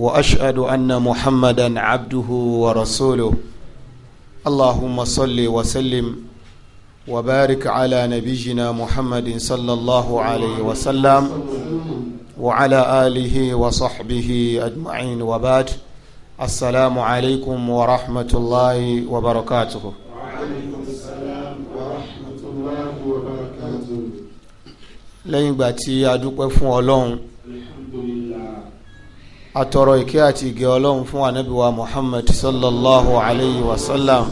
واشهد ان محمدا عبده ورسوله اللهم صل وسلم وبارك على نبينا محمد صلى الله عليه وسلم وعلى اله وصحبه اجمعين وبعد السلام عليكم ورحمه الله وبركاته وعليكم السلام ورحمه الله وبركاته لين باتي atọrọ ìkẹ́ àti ìgẹ́ ọlọ́run fún ànábìwa muhammad sallallahu alayhi wa sallam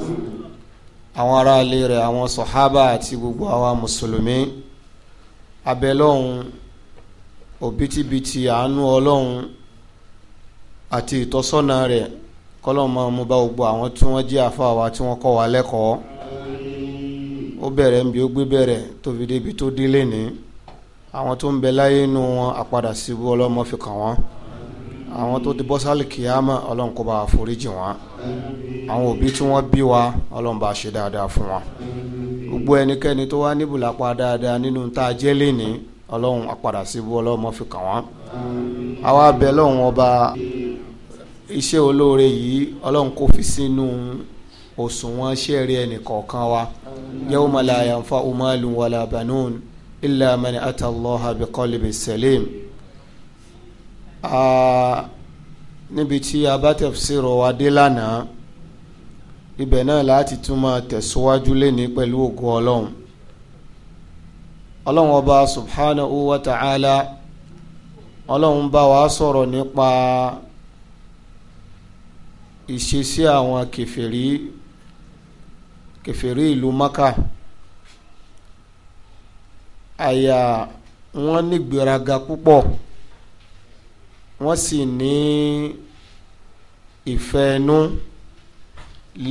àwọn ará ilé rẹ̀ àwọn sọ̀hábà àti gbogbo àwa mùsùlùmí abẹ́lọ́hún òbítíbitì àánú ọlọ́run àti ìtọ́sọ́nà rẹ̀ kọ́lọ́run máa mú bá gbogbo àwọn tí wọ́n jẹ́ àfa wa tí wọ́n kọ́ wa lẹ́kọ̀ọ́ ó bẹ̀rẹ̀ ń bí ó gbé bẹ̀rẹ̀ tó fi débi tó délé ní àwọn tó ń bẹ láyé inú wọn àpadà síbú ọlọ́mọ fi kàn wọ́n àwọn tó ti bọ́ sálì kìyàmà ọlọ́run kó bá foríjì wọn àwọn òbí tí wọ́n bí wa ọlọ́run bá ṣe dáadáa fún wa gbogbo ẹnikẹ́ni tó wá níbùlápá dáadáa nínú tá a jẹ́ lénìí ọlọ́run apàdà síbú ọlọ́run mọ́ fi kàn wọ́n àwa bẹ̀ lọ́run ọba iṣẹ́ olóore yìí ọlọ́run kò fi sínú òṣùwọ̀n iṣẹ́ rẹ̀ ẹnìkọ̀ọ̀kan wa yawma la yanfa'u malun wala banun illa man ata Allaha biqalbin salim níbi tí a bá tafsiro wa dé lánàá ibẹ̀ náà láti tún máa tẹ̀síwájú lẹ́ni pẹ̀lú ògo ọlọ́run ọlọ́run ọba subhanahu wa ta'ala ọlọ́run bá wa sọ̀rọ̀ nípa ìṣesí àwọn kèfèrí kèfèrí ìlú maka àyà wọn nígbéraga púpọ̀ wọ́n sì ní ìfẹ́nú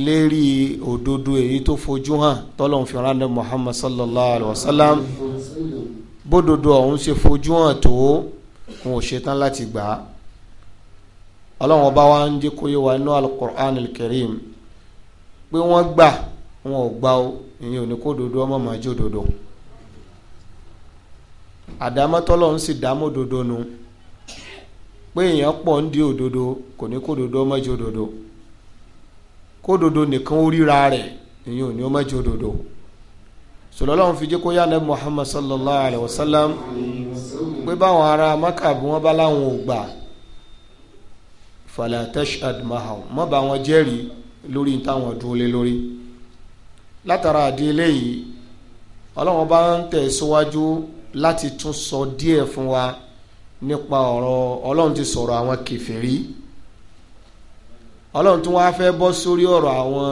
lérí òdodo èyí tó fojú hàn tọ́lọ́hun fi rán Ànábì Muhammad sallallahu alayhi wa sallam bódodo ọ̀hún ṣe fojú hàn tó wọn ò ṣetán láti gbà á ọlọ́run ọba wa ń jẹ́ kó yé wa inú alukur'an alkarim pé wọ́n gbà wọn ò gbà ó ìyẹn ò ní kó dodo ọmọ màá jó dodo àdámọ́tọ́lọ́hún sì dámọ́ dodo nu. No pé èèyàn pọ̀ ń di òdodo kò ní kó dodo ọmọ jẹ òdodo kó dodo nìkan ó ríra rẹ̀ èyí ò ní ọmọ òdodo fi jẹ́ kó yá Muhammad sallallahu alayhi wa sallam pé báwọn Maka bí wọ́n bá láwọn ò gbà mọ́ bá wọn jẹ́rìí lórí táwọn dúró lé lórí látara eléyìí bá ń wa. nípa ọ̀rọ̀ ọlọ́run ti sọ̀rọ̀ àwọn kèfèrí ọlọ́run tún wáá fẹ́ bọ́ sórí ọ̀rọ̀ àwọn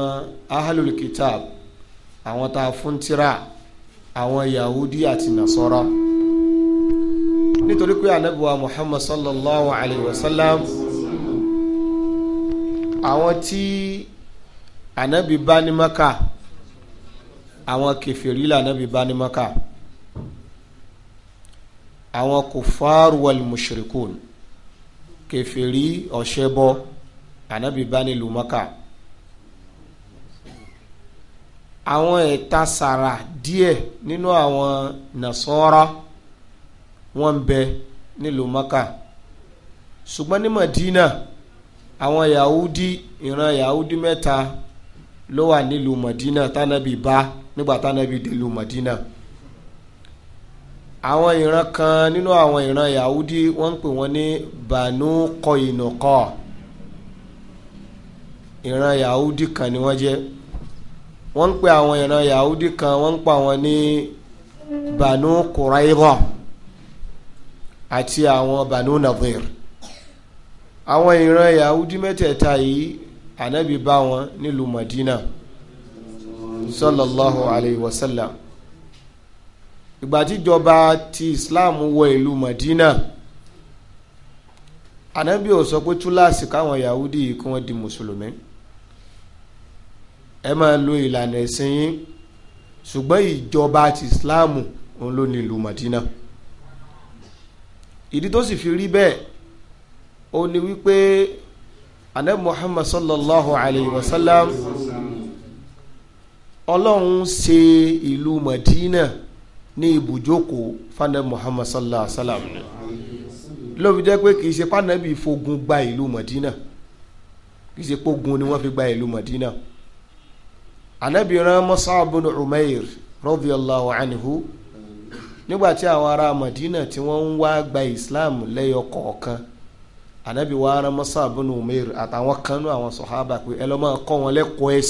ahlul kitab àwọn tá a fún tírà àwọn yahudi àti nasara nítorí pé anabiwa muhammad sallallahu alayhi wa sallam àwọn tí anabi bá ní maka àwọn kèfèrí là anabi bá ní maka àwọn kufaru wal mushrikun kèfèrí ọ̀ṣẹ́bọ ànábì bá nílùú mọ́kà àwọn ẹ̀ta sàrà díẹ̀ nínú àwọn nàṣọ́ra wọ́n ń bẹ nílùú mọ́kà ṣùgbọ́n ní madina àwọn yahudi ìran yahudi mẹ́ta ló wà nílùú madina tánàbì bá nígbà tánàbì délùú madina àwọn ìran kan nínú àwọn ìran Yahudi wọ́n ń pè wọ́n ní Banu Koinoka ìran Yahudi kan ni wọ́n jẹ́ wọ́n ń pè àwọn ìran Yahudi kan wọ́n ń pa wọ́n ní Banu Quraiza àti àwọn Banu Nadir àwọn ìran Yahudi mẹ́tẹ̀ẹ̀ta yìí ànábì bá wọn nílùú Madina sallallahu alayhi wa sallam ìgbà tíjọba ti Islam wọ ìlú Madina anabi ò sọ pé túláàsì káwọn Yahudi yìí kí wọ́n di mùsùlùmí ẹ máa lo ìlànà ẹ̀sìn yín ṣùgbọ́n ìjọba ti Islam òun ló ní ìlú Madina ìdí tó sì fi rí bẹ́ẹ̀ ó ní wípé anabi Muhammad sallallahu alayhi wa sallam ọlọ́run ṣe ìlú Madina ní ibùjókòó fana muhammad sallallahu alaihi wa sallam lóbi jẹ́ pé kì í ṣe pànàbí fogun gba ìlú madina kì í ṣe pogun ni wọ́n fi gba ìlú madina anabi ran mus'ab bin umair radiyallahu anhu nígbàtí àwọn ará madina tí wọ́n ń wá gba islam lẹ́yọ kọ̀ọ̀kan anabi wa ara mus'ab bin umair àtàwọn kanú àwọn sọ̀hábà pé ẹ lọ́ máa kọ́ wọn lẹ́kọ̀ọ́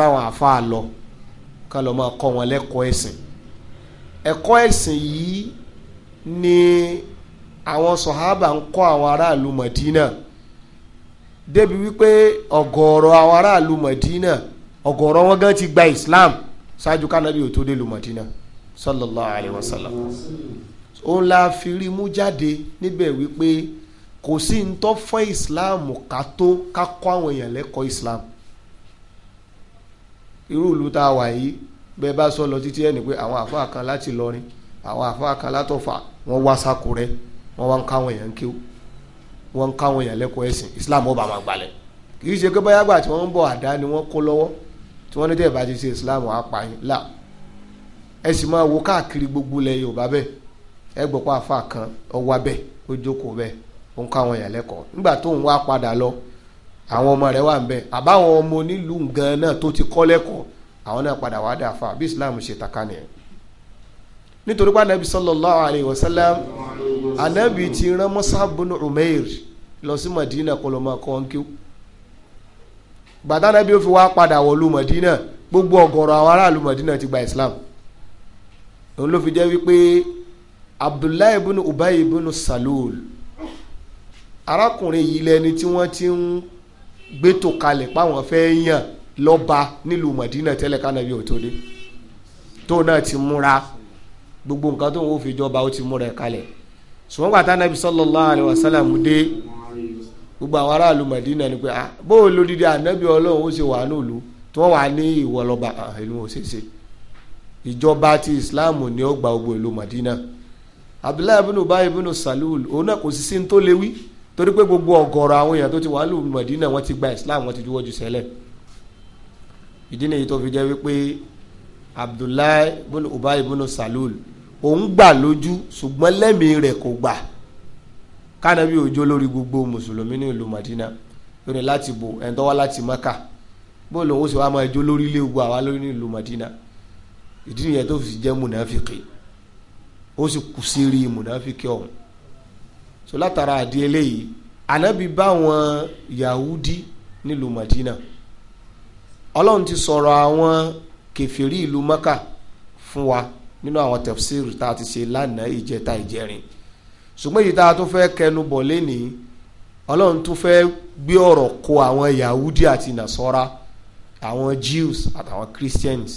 ra wọn àfa lọ. ká lọ máa kọ́ wọn lẹ́kọ̀ọ́ ẹ̀sìn ẹ̀kọ́ ẹ̀sìn yìí ni àwọn sọ̀hábà ń kọ́ àwọn aráàlú Madina débi wípé àwọn wọn gan ti gba Islam ṣáájú kánábì ò tó dé lu sallallahu alayhi wa òun la fi rí mú jáde níbẹ̀ wípé kò sí Islam ká tó ká kọ́ àwọn èèyàn Islam irú ìlú tá a wà yìí bẹ́ẹ̀ bá sọ lọ títí ẹni pé àwọn àfáà kan láti lọrin àwọn àfáà kan látọ̀fà wọ́n wá sákòrẹ́ wọ́n wá ń káwọn èèyàn kí wọ́n ń káwọn èèyàn lẹ́kọ̀ọ́ ẹ̀sìn Islam ọba máa gbalẹ̀ kì í ṣe pé báyà gbà tí wọ́n ń bọ̀ àdá ni wọ́n kó lọ́wọ́ tí wọ́n ní tẹ̀ bá ti ṣe Islam apààyàn là ẹ sì máa wo káàkiri gbogbo ilẹ̀ Yorùbá bẹ́ẹ̀ ẹ gbọ́ pé àfáà kan ó wá ó jókòó bẹ́ẹ̀ ó ń káwọn èèyàn lẹ́kọ̀ọ́ nígbà tóun wá padà lọ àwọn ọmọ rẹ̀ wà ń bẹ̀ àbáwọn ọmọ onílù gan náà tó ti kọ́ lẹ́kọ̀ọ́ àwọn náà padà wá dà fa bí islam ṣe taka nìyẹn nítorí pé anabi sallallahu alayhi wa sallam anabi ti rán Mus'ab bin Umair lọ sí madina kọlọmọ kọ́ńkíw bàtà anabi ó fi wá padà wọlú madina gbogbo ọ̀gọ̀rọ̀ àwọn aráàlú madina ti gba islam òun ló fi jẹ́ wípé abdullahi ibn ubay ibn salul arákùnrin yìí lẹni tí wọ́n ti ń gbẹ́tò kalẹ̀ páwọn fẹ́ yàn lọ́ba nílùú Mọ̀dínà tẹ́lẹ̀ kánábì òtó dé tó náà ti múra gbogbo nǹkan tó ń wò fi jọba ó ti múra ẹ̀ kalẹ̀ ṣùgbọ́n gbàtà nàbì sallallahu alaihi wasallam dé gbogbo àwọn aráàlú Mọ̀dínà ni pé ah bó o lódìdí ànábì ọlọ́run ó ṣe wà nílùú tí wọ́n wà ní ìwọ lọ́ba ìlú ah, òṣèṣe ìjọba ti Islam ni ó gba gbogbo ìlú Mọ̀dínà Abdullahi ibn Ubay ibn Salul òun náà kò sí sí ní tó léwí torí pé gbogbo ọ̀gọ̀rọ̀ àwọn èèyàn tó ti wàá lù Mẹdínà wọ́n ti gba Islam wọ́n ti juwọ́ ju sẹ́lẹ̀ ìdí nìyí tó fi jẹ́ wípé Abdullahi bùnú Ubay bùnú Salul òun gbà lójú ṣùgbọ́n lẹ́mìí rẹ̀ kò gbà kánábì òjò lórí gbogbo mùsùlùmí ní ìlú Mẹdínà lórí láti bò ẹni tó wá láti Mẹ́kà bóòlù òun sì wá máa jó lórí ilé ogun àwa lórí ní ìlú Mẹdínà ìdí nìyẹn tó fi jẹ́ mùnàfíkì ó sì kù sí rí mùnàfíkì ọ̀hún so látara àdí eléyìí ànábì báwọn yahudi nílùú madina ọlọ́run ti sọ̀rọ̀ àwọn kẹfìrí ìlú maka fún wa nínú àwọn tafsir tá a ti ṣe lánàá ìjẹta ìjẹrin ṣùgbọ́n èyí tá a tún fẹ́ kẹnu bọ̀ lénìí ọlọ́run tún fẹ́ gbé ọ̀rọ̀ kó àwọn yahudi àti nasọ́ra àwọn jews àtàwọn christians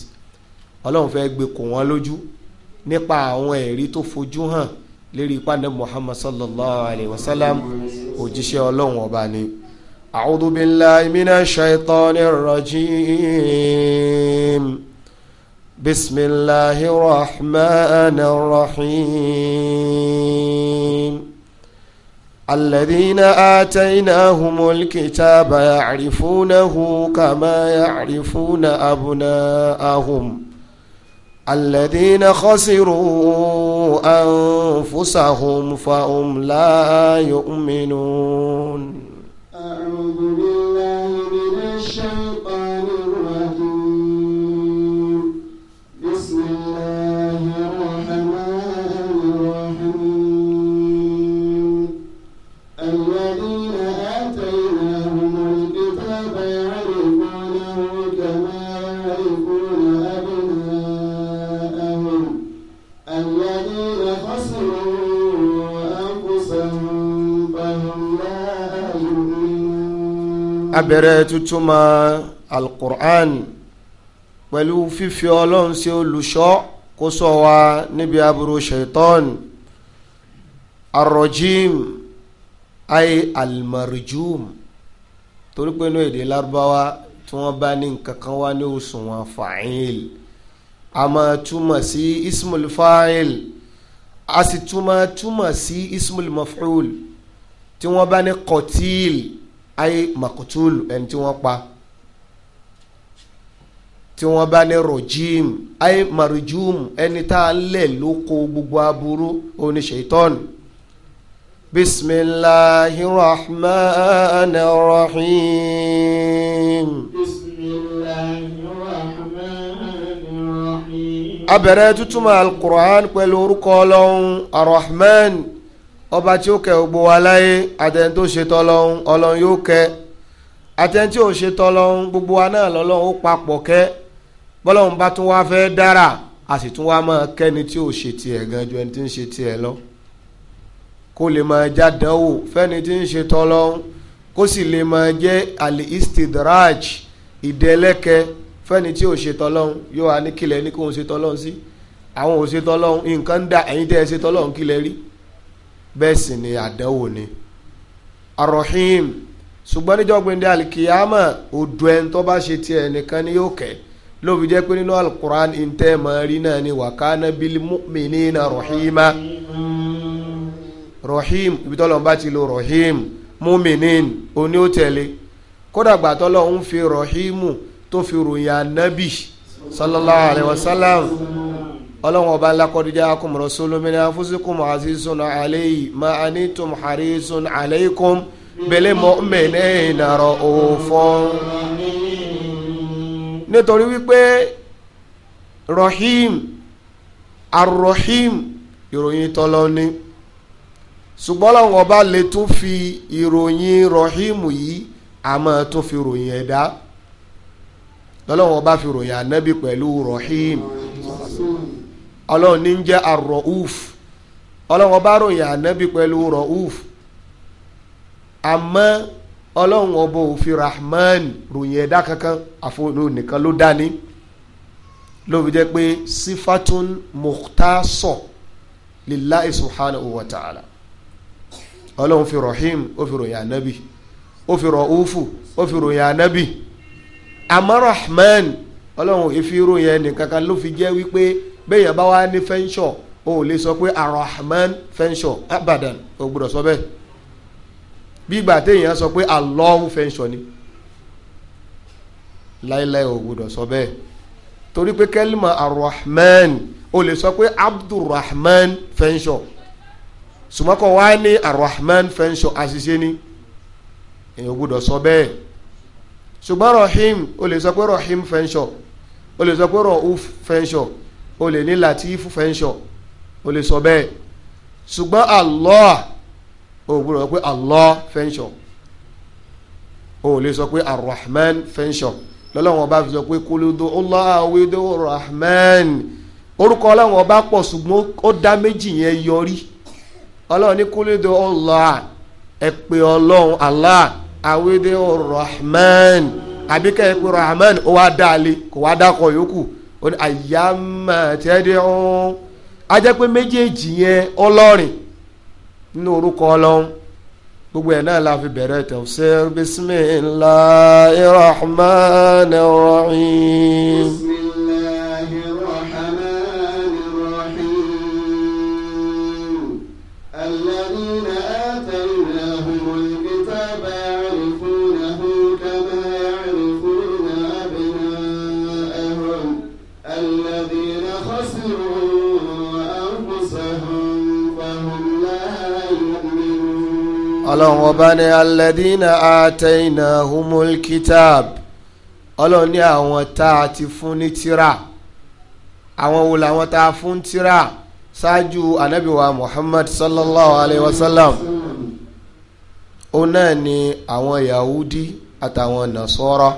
ọlọ́run fẹ́ gbé kó wọn lójú nípa àwọn ẹ̀rí tó fojú hàn lérí ipá ní muhammad sallallahu alayhi wa sallam òjíṣẹ́ ọlọ́run ọba ni. a'udhu billahi minash shaitanir rajim bismillahir rahmanir rahim. الذين آتيناهم الكتاب يعرفونه كما يعرفون أبناءهم الذين خسروا أنفسهم فهم لا يؤمنون أعوذ بالله abẹ̀rẹ̀ tutuma alukur'an pẹ̀lú fífi ọlọ́run ṣe olùṣọ́ kó ṣọ́ wa níbi aburú shaitan arrojim ay almarjum torí pé inú èdè lárúbáwá tí wọ́n bá ní nǹkan kan wá ní òṣùwọ̀n fàáyìl a máa túmọ̀ sí ismul fáìl a sì túmọ̀ túmọ̀ sí ismul maf'ul tí wọ́n bá ní kọtíìlì ayé makutulu ẹni tí wọ́n pa tí wọ́n bá ní rojim ayé marujum ẹni tá a lẹ̀ ló kó gbogbo aburú oní shaitan bisimilahi rahman rahim. bisimilahi rahman alukur'an pẹ̀lú orúkọ ọlọ́run arahman ọba tí ó kẹ́ gbogbo wa láyé àtẹni tó ṣe tọlọ́hún ọlọ́hun yóò kẹ́ àtẹni tí ò ṣe tọlọ́hún gbogbo wa náà lọ́lọ́hún ó papọ̀ kẹ́ bọ́lọ́hún bá tún wá fẹ́ dára a sì tún wá máa kẹ́ni tí ò ṣe tiẹ̀ gan ju ẹni tí ń ṣe tiẹ̀ lọ kó lè máa jádánwò fẹ́ni tí ń ṣe tọlọ́hún kó sì lè máa jẹ́ àlè istidraj ìdẹ́lẹ́kẹ́ fẹ́ni tí ò ṣe tọlọ́hún yóò wá ní kílẹ̀ ní kó ń ṣe tọlọ́hún sí àwọn ò ṣe tọlọ́hún nǹkan ń da ẹ̀yin tẹ́ ẹ ṣe tọlọ́hún kílẹ̀ rí bẹ́ẹ̀ sì ni àdánwò ni arohim ṣùgbọ́n níjọ́ gbẹ̀ndé alikiyama odò ẹni tó bá ṣe tiẹ̀ nìkan ni yóò kẹ́ ló fi jẹ́ pé nínú alukur'an ntẹ́ máa rí náà ni wàkánà bílí mu'minina rohima rohim ibi tó bá ti lo rohim mu'minin oní ó kódà gbàtọ́ ń fi rohimu tó fi ròyìn anabi sallallahu alayhi wa sallam ọlọ́run ọba ńlá kọ́ dídá akum rasulun min anfusikum azizun alayhi ma anitum harisun alaykum bil mu'minina raufun. nítorí wípé rahim arrahim ìròyìn tọ́lọ́ ni ṣùgbọ́n ọlọ́run ọba lè tún fi ìròyìn rahim yìí àmọ́ tún fi ròyìn ẹ̀dá lọ́lọ́run ọba fi ròyìn ànábì pẹ̀lú rahim. Mm -hmm ọlọ́run ní ń jẹ́ arọ́ùf ọlọ́run bá ròyìn ànábì pẹ̀lú rọ́ùf àmọ́ ọlọ́run ọba òfin rahman ròyìn ẹ̀dá kankan àfọwọ́n nìkan ló dání ló fi jẹ́ pé sifatun mukhtasọ lillahi subhanahu wa ta'ala ọlọ́run fi rahim ó fi ròyìn ànábì ó fi rọ́ùfù ó fi ròyìn ànábì àmọ́ rahman ọlọ́run ìfi ròyìn ẹnìkankan ló fi jẹ́ wípé bẹ́ẹ̀ yẹn bá wá ní fẹ́ńsọ̀ o ò lè sọ pé arahman fẹ́ńsọ̀ abadan o gbọ́dọ̀ sọ bẹ́ẹ̀ bí ìgbà téèyàn sọ pé Allahu fẹ́ńsọ̀ ni láíláí o gbọ́dọ̀ sọ bẹ́ẹ̀ torí pé kẹ́límà arahman o lè sọ pé abdulrahman fẹ́ńsọ̀ sùmọ́kọ̀ wá ní arahman fẹ́ńsọ̀ àṣìṣe ni èèyàn gbọ́dọ̀ sọ bẹ́ẹ̀ ṣùgbọ́n rahim o lè sọ pé rahim fẹ́ńsọ̀ o lè sọ pé rahuf fẹ́ńsọ̀ o lè ní latif fẹ́ńsọ̀ o lè sọ bẹ́ẹ̀ ṣùgbọ́n Allah o gbọ́dọ̀ pé Allah fẹ́ńsọ̀ o lè sọ pé arrahman fẹ́ńsọ̀ lọ́lọ́wọ́n bá fi sọ pé kúlúdó Allah awédó rahman orúkọ ọlọ́wọ́n bá pọ̀ ṣùgbọ́n ó dá méjì yẹn yọrí ọlọ́wọ́n ní kúlúdó Allah ẹ pè ọlọ́run Allah awédó rahman àbíkẹ́ ẹ pè rahman ó wá dá a lé kó wá dá kọ yòókù ó ní àyàmà tẹ́lẹ̀ ọ̀hún ajẹ́ pé méjèèjì yẹn ọlọ́rìn nínú orúkọ ọlọ́run gbogbo ẹ̀ náà la fi bẹ̀rẹ̀ tafsir bismillahir rahmanir rahim. ọlọ́run ọba ní alẹ́dínà àtẹ̀yìnà humul kitab ọlọ́run ní àwọn tá a ti fún ní tírà àwọn wo làwọn tá a fún tírà ṣáájú anabiwa muhammad sallallahu alayhi wa sallam ó náà ní àwọn yahudi àtàwọn nasọ́rọ́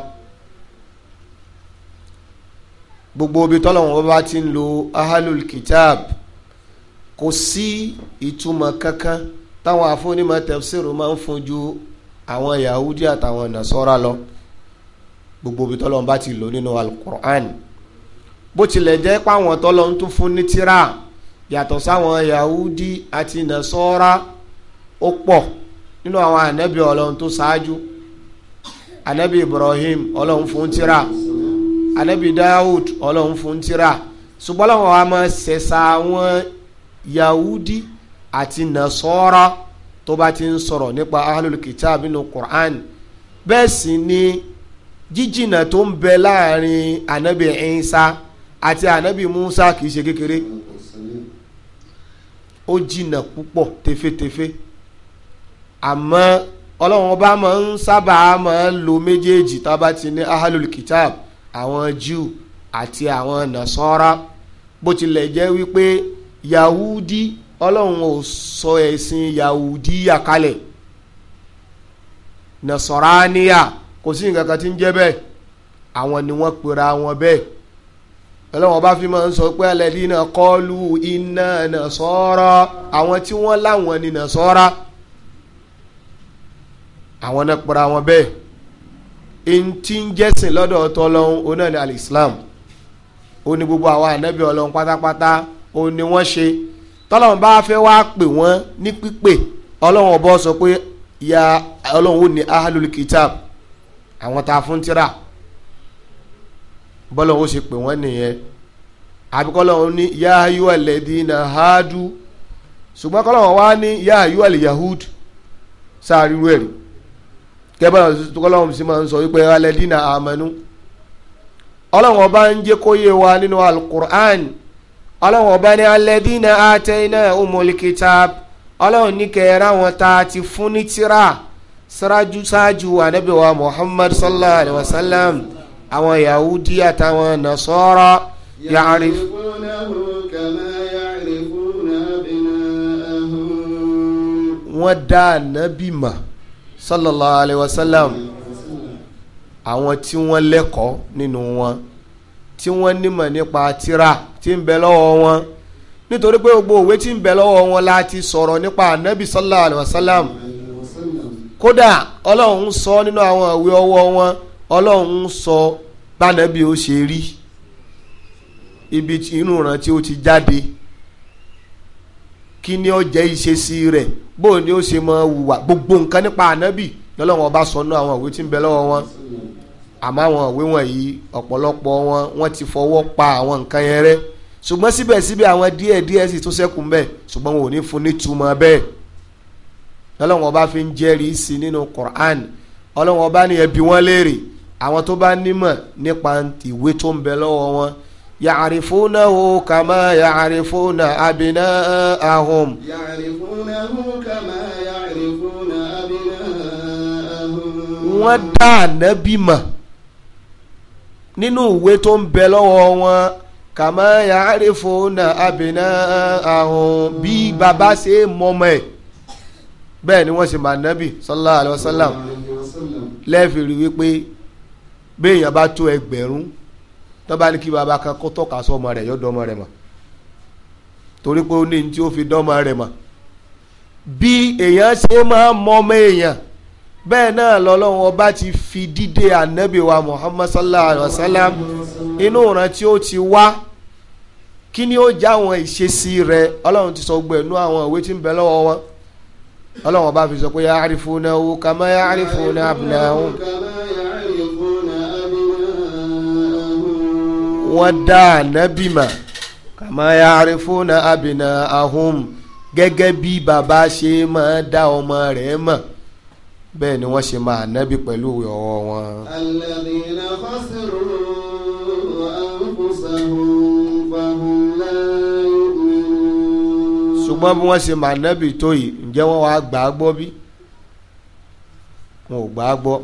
gbogbo ibi tọ́lọ́run ọba ti ń lo ahalul kitab kò sí ìtumọ̀ kankan táwọn afúnímọ̀ tẹ̀síìrù máa ń fún ju àwọn yahudi àtàwọn nasọ́ra lọ gbogbo ibi tọ́lọ́n bá ti lò nínú alukur'an bó tilẹ̀ jẹ́ páwọn tọ́lọ́n tún fún ní tíra yàtọ̀ sáwọn yahudi àti nasọ́ra ó pọ̀ nínú àwọn ànábì ọlọ́run tó ṣáájú ànábì ibrahim ọlọ́run fún tíra ànábì dawud ọlọ́run fún tíra ṣùgbọ́n làwọn a máa ṣẹ̀ṣà àwọn yahudi àti nasọ́ra tó bá ti ń sọ̀rọ̀ nípa ahlul kitab Qur'an bẹ́ẹ̀ sì ni jíjìnà tó ń bẹ láàrin anabi Isa àti anabi Musa kìí ṣe kékeré ó jìnà púpọ̀ tefetefe àmọ́ ọlọ́run ọba máa ń sábà máa lo méjèèjì tá bá ti ní ahlul àwọn Júù àti àwọn nasọ́ra bó tilẹ̀ jẹ́ wípé Yahudi ọlọ́run ò sọ ẹ̀sìn yahudiya kalẹ̀ nasaraniya kò sí nǹkan kan tí ń jẹ́ bẹ́ẹ̀ àwọn ni wọ́n pera wọn bẹ́ẹ̀ ọlọ́run bá fi máa ń sọ pé alladhina qalu inna nasara àwọn tí wọ́n láwọn ni nasara àwọn náà pera wọn bẹ́ẹ̀ ntí ń jẹ́sìn lọ́dọ̀ ọ̀tọ̀ ọlọ́run onáà ní alìsílámù ó ní gbogbo àwọn ànábì ọlọ́run pátápátá ó ní wọ́n ṣe tọ́lọ́run bá fẹ́ wá pè wọ́n ní pípè ọlọ́run ọbọ̀ sọ pé ya ọlọ́run ó ní ahlul kitab àwọn fụntira fún tíra wọn ó ṣe pè wọ́n ya ayyuhal ladina hadu ṣùgbọ́n kọ́lọ́run wá ní ya ayyuhal yahud sáà ríru kẹ́bọ́n kọ́lọ́run sì máa ń sọ wípé ọlọ́run ọba ń jẹ́ wa nínú alukur'an. ọlọ́run ọba ní alẹ́dínà àtẹ̀yìnà ọmọlẹ́kìtà ọlọ́run ní kẹrẹ àwọn tá a ti fún ní tíra ṣáájú ṣáájú anabiwa muhammad sallallahu alayhi wa sallam àwọn yahudi àtàwọn nasọ́rọ́ yaarif. wọ́n dá anabi mà sallallahu alayhi wa sallam àwọn tí wọ́n lẹ́kọ̀ọ́ nínú wọn. No tí wọ́n nímọ̀ nípa tírà tí ń bẹ lọ́wọ́ wọn nítorí pé gbogbo òwe tí ń bẹ lọ́wọ́ wọn la sọ̀rọ̀ nípa anabi sallallahu alayhi wa sallam kódà ọlọ́run sọ nínú àwọn òwe ọwọ́ wọn ọlọ́run sọ bánabi ó ṣe rí ibi inú ìran tí ó ti jáde kí ni ó jẹ́ ìṣesí rẹ̀ bó ni ó ṣe máa hùwà gbogbo nǹkan nípa anabi lọ́lọ́run ọba sọ nínú àwọn òwe tí ń bẹ lọ́wọ́ wọn àmọ́ àwọn ìwé wọ̀nyí ọ̀pọ̀lọpọ̀ wọn wọ́n ti fọwọ́ pa àwọn nǹkan yẹn rẹ́ ṣùgbọ́n síbẹ̀síbẹ̀ àwọn díẹ̀ díẹ̀ sì tún ṣẹ́kù ńbẹ̀ ṣùgbọ́n wọn ò ní fún nítumọ̀ bẹ́ẹ̀ ọlọ́run ọba fi ń jẹ́rìí sí nínú Qur'an ọlọ́run ọba ni ẹ bi wọ́n léèrè àwọn tó bá nímọ̀ nípa ìwé tó ń bẹ lọ́wọ́ wọn ya'rifunahu kama ya'rifuna abina'ahum. ya'rifunahu kama ya'rifuna abina'ahum. wọ́n dá ànábì mọ̀ nínú ìwé tó ń bẹ lọ́wọ́ wọn kàmá ya'rifuna abna'ahum bí baba ṣe mọmọ ẹ̀ bẹ́ẹ̀ ni wọ́n ṣe máa nábì sallallahu alaihi wasallam lẹ́ẹ̀fì rí wípé béèyàn bá tó ẹgbẹ̀rún tó bá ní kí baba kan kó tọ́ka sọmọ rẹ̀ yọ dọ́mọ rẹ̀ mọ̀ torí pé ó ní ní tí ó fi dọ́mọ rẹ̀ mọ̀ bí èèyàn ṣe máa mọ èèyàn bẹ́ẹ̀ náà lọ́lọ́run ọba ti fi dídé ànábì wa muhammad sallallahu alayhi wa sallam inú ìran tí ó ti wá kí ni ó já àwọn ìṣesí rẹ̀ ọlọ́run ti sọ gbẹ̀nú àwọn ìwé tí ń bẹ lọ́wọ́ wọn ọlọ́run ọba fi sọ pé ya'rifunahu kama ya'rifuna abna'ahum. wọ́n dá ànábì mà kama ya'rifuna abna'ahum gẹ́gẹ́ bí bàbá ṣe máa dá ọmọ rẹ̀ ma. bẹ́ẹ̀ ni wọ́n ṣe máa nábì pẹ̀lú ọwọ́ wọn. alladhina khasiru wọ́n ṣe máa tó yìí ǹjẹ́ wọ́n wá gbà bí? wọn ò gbà á gbọ́.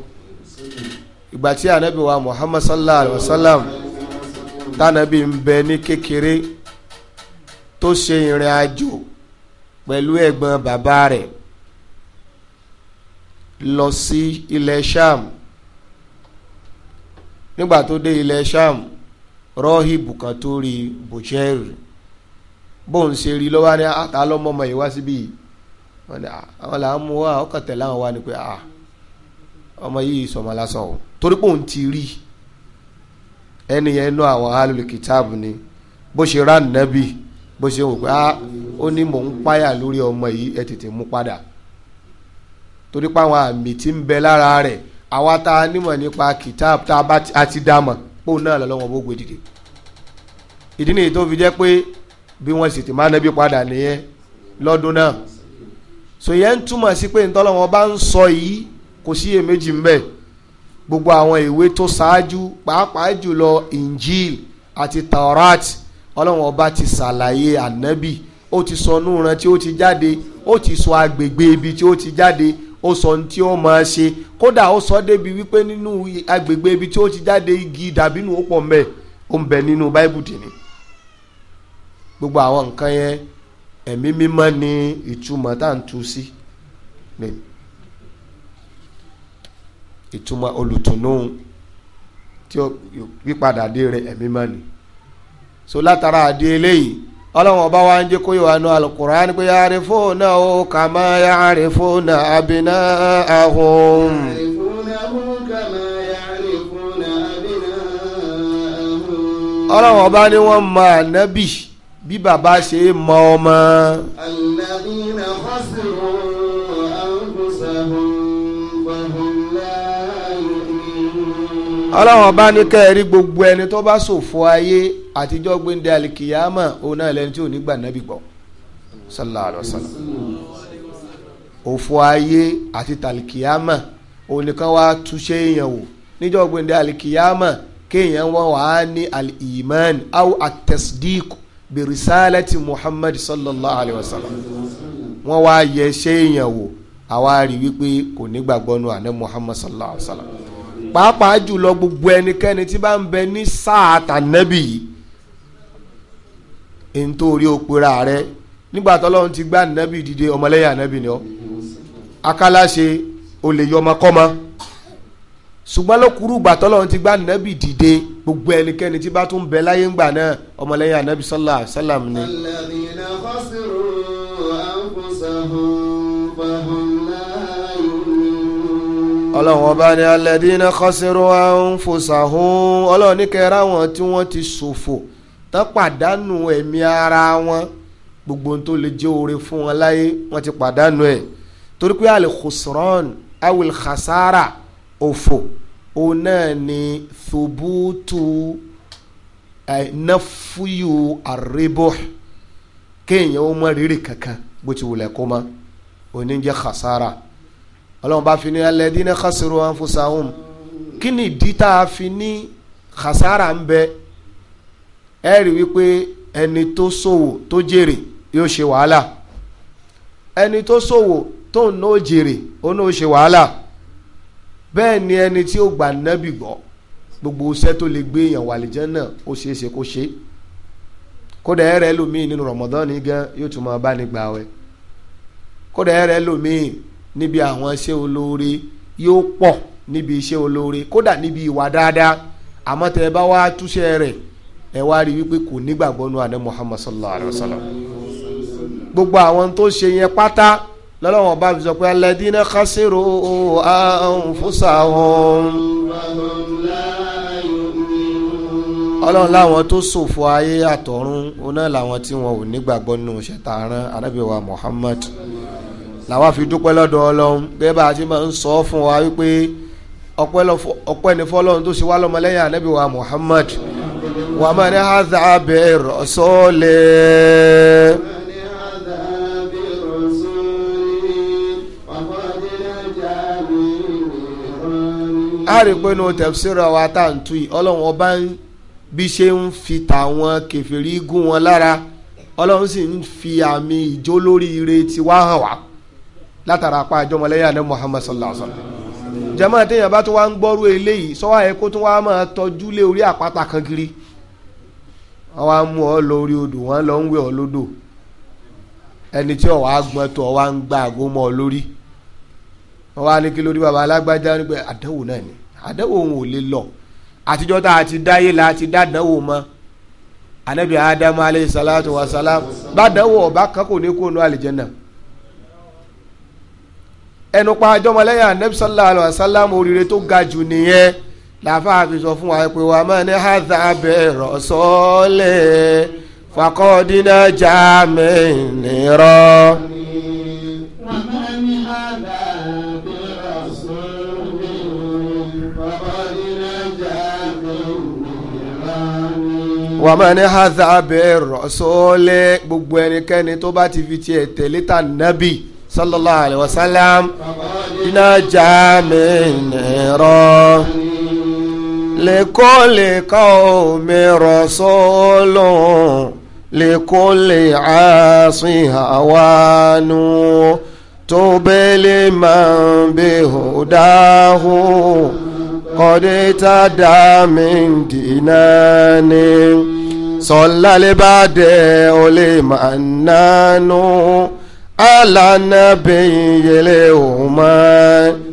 ìgbà tí anabi wa Muhammad sallallahu alayhi wa sallam tànábì ń bẹ ní kékeré tó ṣe ìrìn àjò pẹ̀lú ẹ̀gbọ́n bàbá rẹ̀ lọ sí ilẹ̀ sham nígbà tó dé ilẹ̀ sham rọ́hìbù kan tó bóun ṣe rí lọ́wọ́ ní àtà ah, yìí wá síbí ah, àwọn mú ọkàn tẹ̀lé ni pé ah, ọmọ yìí sọmọ lásán o torí ti rí ẹni yẹn nú àwọn alùkìtàbù ni bó ṣe rán nàbì bó ṣe wò pé ó ní mò ń páyà lórí ọmọ yìí torí pé àwọn àmì tí ń bẹ lára rẹ̀ àwa tá a nímọ̀ nípa kìtáàb tá a ti dá mọ̀ póun náà lọ́lọ́wọ́n bó gbé dìde ìdí nìyí tó fi jẹ́ pé bí wọ́n sì ti máa nẹ́bí padà nìyẹn lọ́dún náà sòyẹ́ ń túmọ̀ sí pé ntọ́lọ́wọ́n bá ń sọ yìí kò sí èméjì ń bẹ gbogbo àwọn ìwé tó ṣáájú pàápàá jùlọ Injil àti Taurat ọlọ́wọ́n ọba ti ṣàlàyé ànábì ó ti sọ núran tí ó ti jáde ó ti sọ agbègbè ibi tí ó ti jáde ó sọ ohun tí ó máa ṣe kódà ó sọ débi wípé nínú agbègbè ibi tí ó ti jáde igi dàbínú ó pọ̀ mbẹ́ ó ń bẹ nínú báíbù dìní gbogbo àwọn nǹkan yẹn ẹ̀mí mímọ́ ni ìtumọ̀ tá à ń tu sí ìtumọ̀ olùtùnú tí ó yípadà dé rẹ̀ ẹ̀mí mímọ́ ni so látara àdé eléyìí ọlọ́run ọba wa ń jẹ́ kó yẹ wà nù alukur'an pé yarifuna o kama yarifuna abina'ahum. ọlọ́run ọba ni wọ́n mọ ànábì bí bàbá ṣe mọ ọmọ. alladhina khasiru. ọlọ́run ọba ní kẹ́ẹ̀rí gbogbo ẹni tó bá ṣòfò ayé àtijọ́ gbéńdé alikiyama òun náà lẹni tí ò ní gbà nábì gbọ́ sallallahu alayhi wa sallam òfò ayé àti talikiyama òun nìkan wá túṣe èèyàn wò níjọ́ gbéńdé alikiyama kéèyàn wọn wàá ní al-iman aw at-tasdiq bi risalati muhammad sallallahu alayhi wa sallam wọn wá yẹ ṣe èèyàn wò àwa rí wípé kò ní gbàgbọ́ àná muhammad sallallahu alayhi wa sallam pàápàá jùlọ gbogbo ẹnikẹ́ni tí bá ń bẹ ní sáà tànẹ́bì yìí nítorí òpèrà rẹ nígbà tọ́lọ́run ti gbá nẹ́bì dìde ọmọlẹ́yìn ànẹ́bì ni ọ́ akáláṣe olè yọmọkọ́mọ ṣùgbọ́n lókùrú ìgbà tọ́lọ́run ti gbá nẹ́bì dìde gbogbo ẹnikẹ́ni tí bá tún bẹ láyé ńgbà náà ọmọlẹ́yìn ànẹ́bì sallallahu alaihi wasallam ni. ọlọ́run ọba ní alẹ́dínà kọ́sẹ́rù àǹfọ̀sàhún ọlọ́run ní kẹrẹ́ àwọn tí wọ́n ti ṣòfò tán pàdánù ẹ̀mí ara wọn gbogbo ohun tó lè jẹ́ oore fún wọn láyé wọ́n ti pàdánù ẹ̀ torí pé alẹ́kùsọ̀rọ̀n awil khasara òfò òun náà ni thubutu nafuyu arribo kéèyàn ó mọ rírì kankan bó ti wulẹ̀ kó mọ́ oníjẹ́ khasara ọlọ́run bá fi ní alladhina khasiru anfusahum kí ni ìdí tá a fi ní khasara ń bẹ ẹ rí wípé ẹni tó ṣòwò tó jèrè yóò ṣe wàhálà ẹni tó ṣòwò tó ń ná jèrè ó náà ṣe wàhálà bẹ́ẹ̀ ni ẹni tí ó gbà nábì gbọ́ gbogbo iṣẹ́ tó lè gbé èèyàn wà lè náà ó ṣeé ṣe kó ṣe kódà ẹ̀rẹ̀ lòmíì nínú Ramadan gan yóò tún máa bá ní gbààwẹ̀ kódà ẹ̀rẹ̀ lòmíì níbi àwọn iṣẹ́ olóore yóò pọ̀ níbi iṣẹ́ olóore kódà níbi ìwà dáadáa àmọ́ tẹ́ ẹ bá wá túṣẹ́ rẹ̀ ẹ wá rí wípé kò nígbàgbọ́ nu àná Muhammad sallallahu alayhi wa sallam gbogbo àwọn tó ṣe yẹn pátá lọ́lọ́wọ́n bá fi sọ pé alladina khasiru anfusahum ọlọ́run láwọn tó ṣòfò ayé àtọ̀run ọ̀nà làwọn tí wọn ò nígbàgbọ́ nù ṣẹ̀tàrán anábìwá Muhammad. làwa fi dúpẹ́ lọ́dọ̀ ọlọ́run gẹ́gẹ́ bá a ti ń sọ fún wa wípé ọpẹ́ ní tó ṣe wá lọ́mọlẹ́yìn ànábì wa Muhammad wa man hadha bi rasuli. a rí pé nu wa tá à ń tu yìí ọlọ́run ọba bí ṣe ń fi tàwọn gún wọn lára ọlọ́run sì ń àmì tiwa látara apá àjọmọlẹ́yà ní Muhammad sallallahu alayhi wa sallam jama téèyàn bá tún wá ń gbọ́rú eléyìí sọ́wọ́ ẹ̀ kó tún wá máa tọ́jú lé orí àpáta kan kiri wọ́n wá mú ọ lọ orí odò wọ́n lọ ń wé ọ lódò ẹni tí ọ̀wá gbọ́n tó ọ̀wá ń gba àgó mọ́ ọ lórí wọ́n wá ní kí lórí baba alágbájá nígbà àdánwò náà ni àdánwò òun ò lè lọ àtijọ́ tá a ti dáyé la ti dá àdánwò mọ́ anabi adamu aleyhi salatu wa salam bá àdánwò ọba kan kò ní kó nu àlìjẹ́ náà ẹnupa àjọmọlẹ́yìn anabi sallallahu alayhi wa sallam oríire tó ga jù nìyẹn làáfàá fi sọ fún wa pé wàá máa ní haza abẹ́rọ̀ sọ́ọ́lẹ̀ fakọ́dínà jàmẹ́ nìrọ̀. wàá máa ní haza abẹ́rọ̀ sọ́ọ́lẹ̀ gbogbo ẹnikẹ́ni tó bá ti fi tiẹ̀ tẹ̀lé ta nábì sallallahu alayhi wa sallam iná já mi nìrọ lèkọ́lèkọ́ omi rọ̀sọ́lọ́ lèkọ́lè àásìn àwánú tó bẹ́lẹ̀ máa ń bẹ̀ hódáhù kọ́dé tá a dá mi dìínà ni sọ̀lá lè bá dẹ̀ ọ́ lè máa nánú alana bẹyìn yele òhùnmá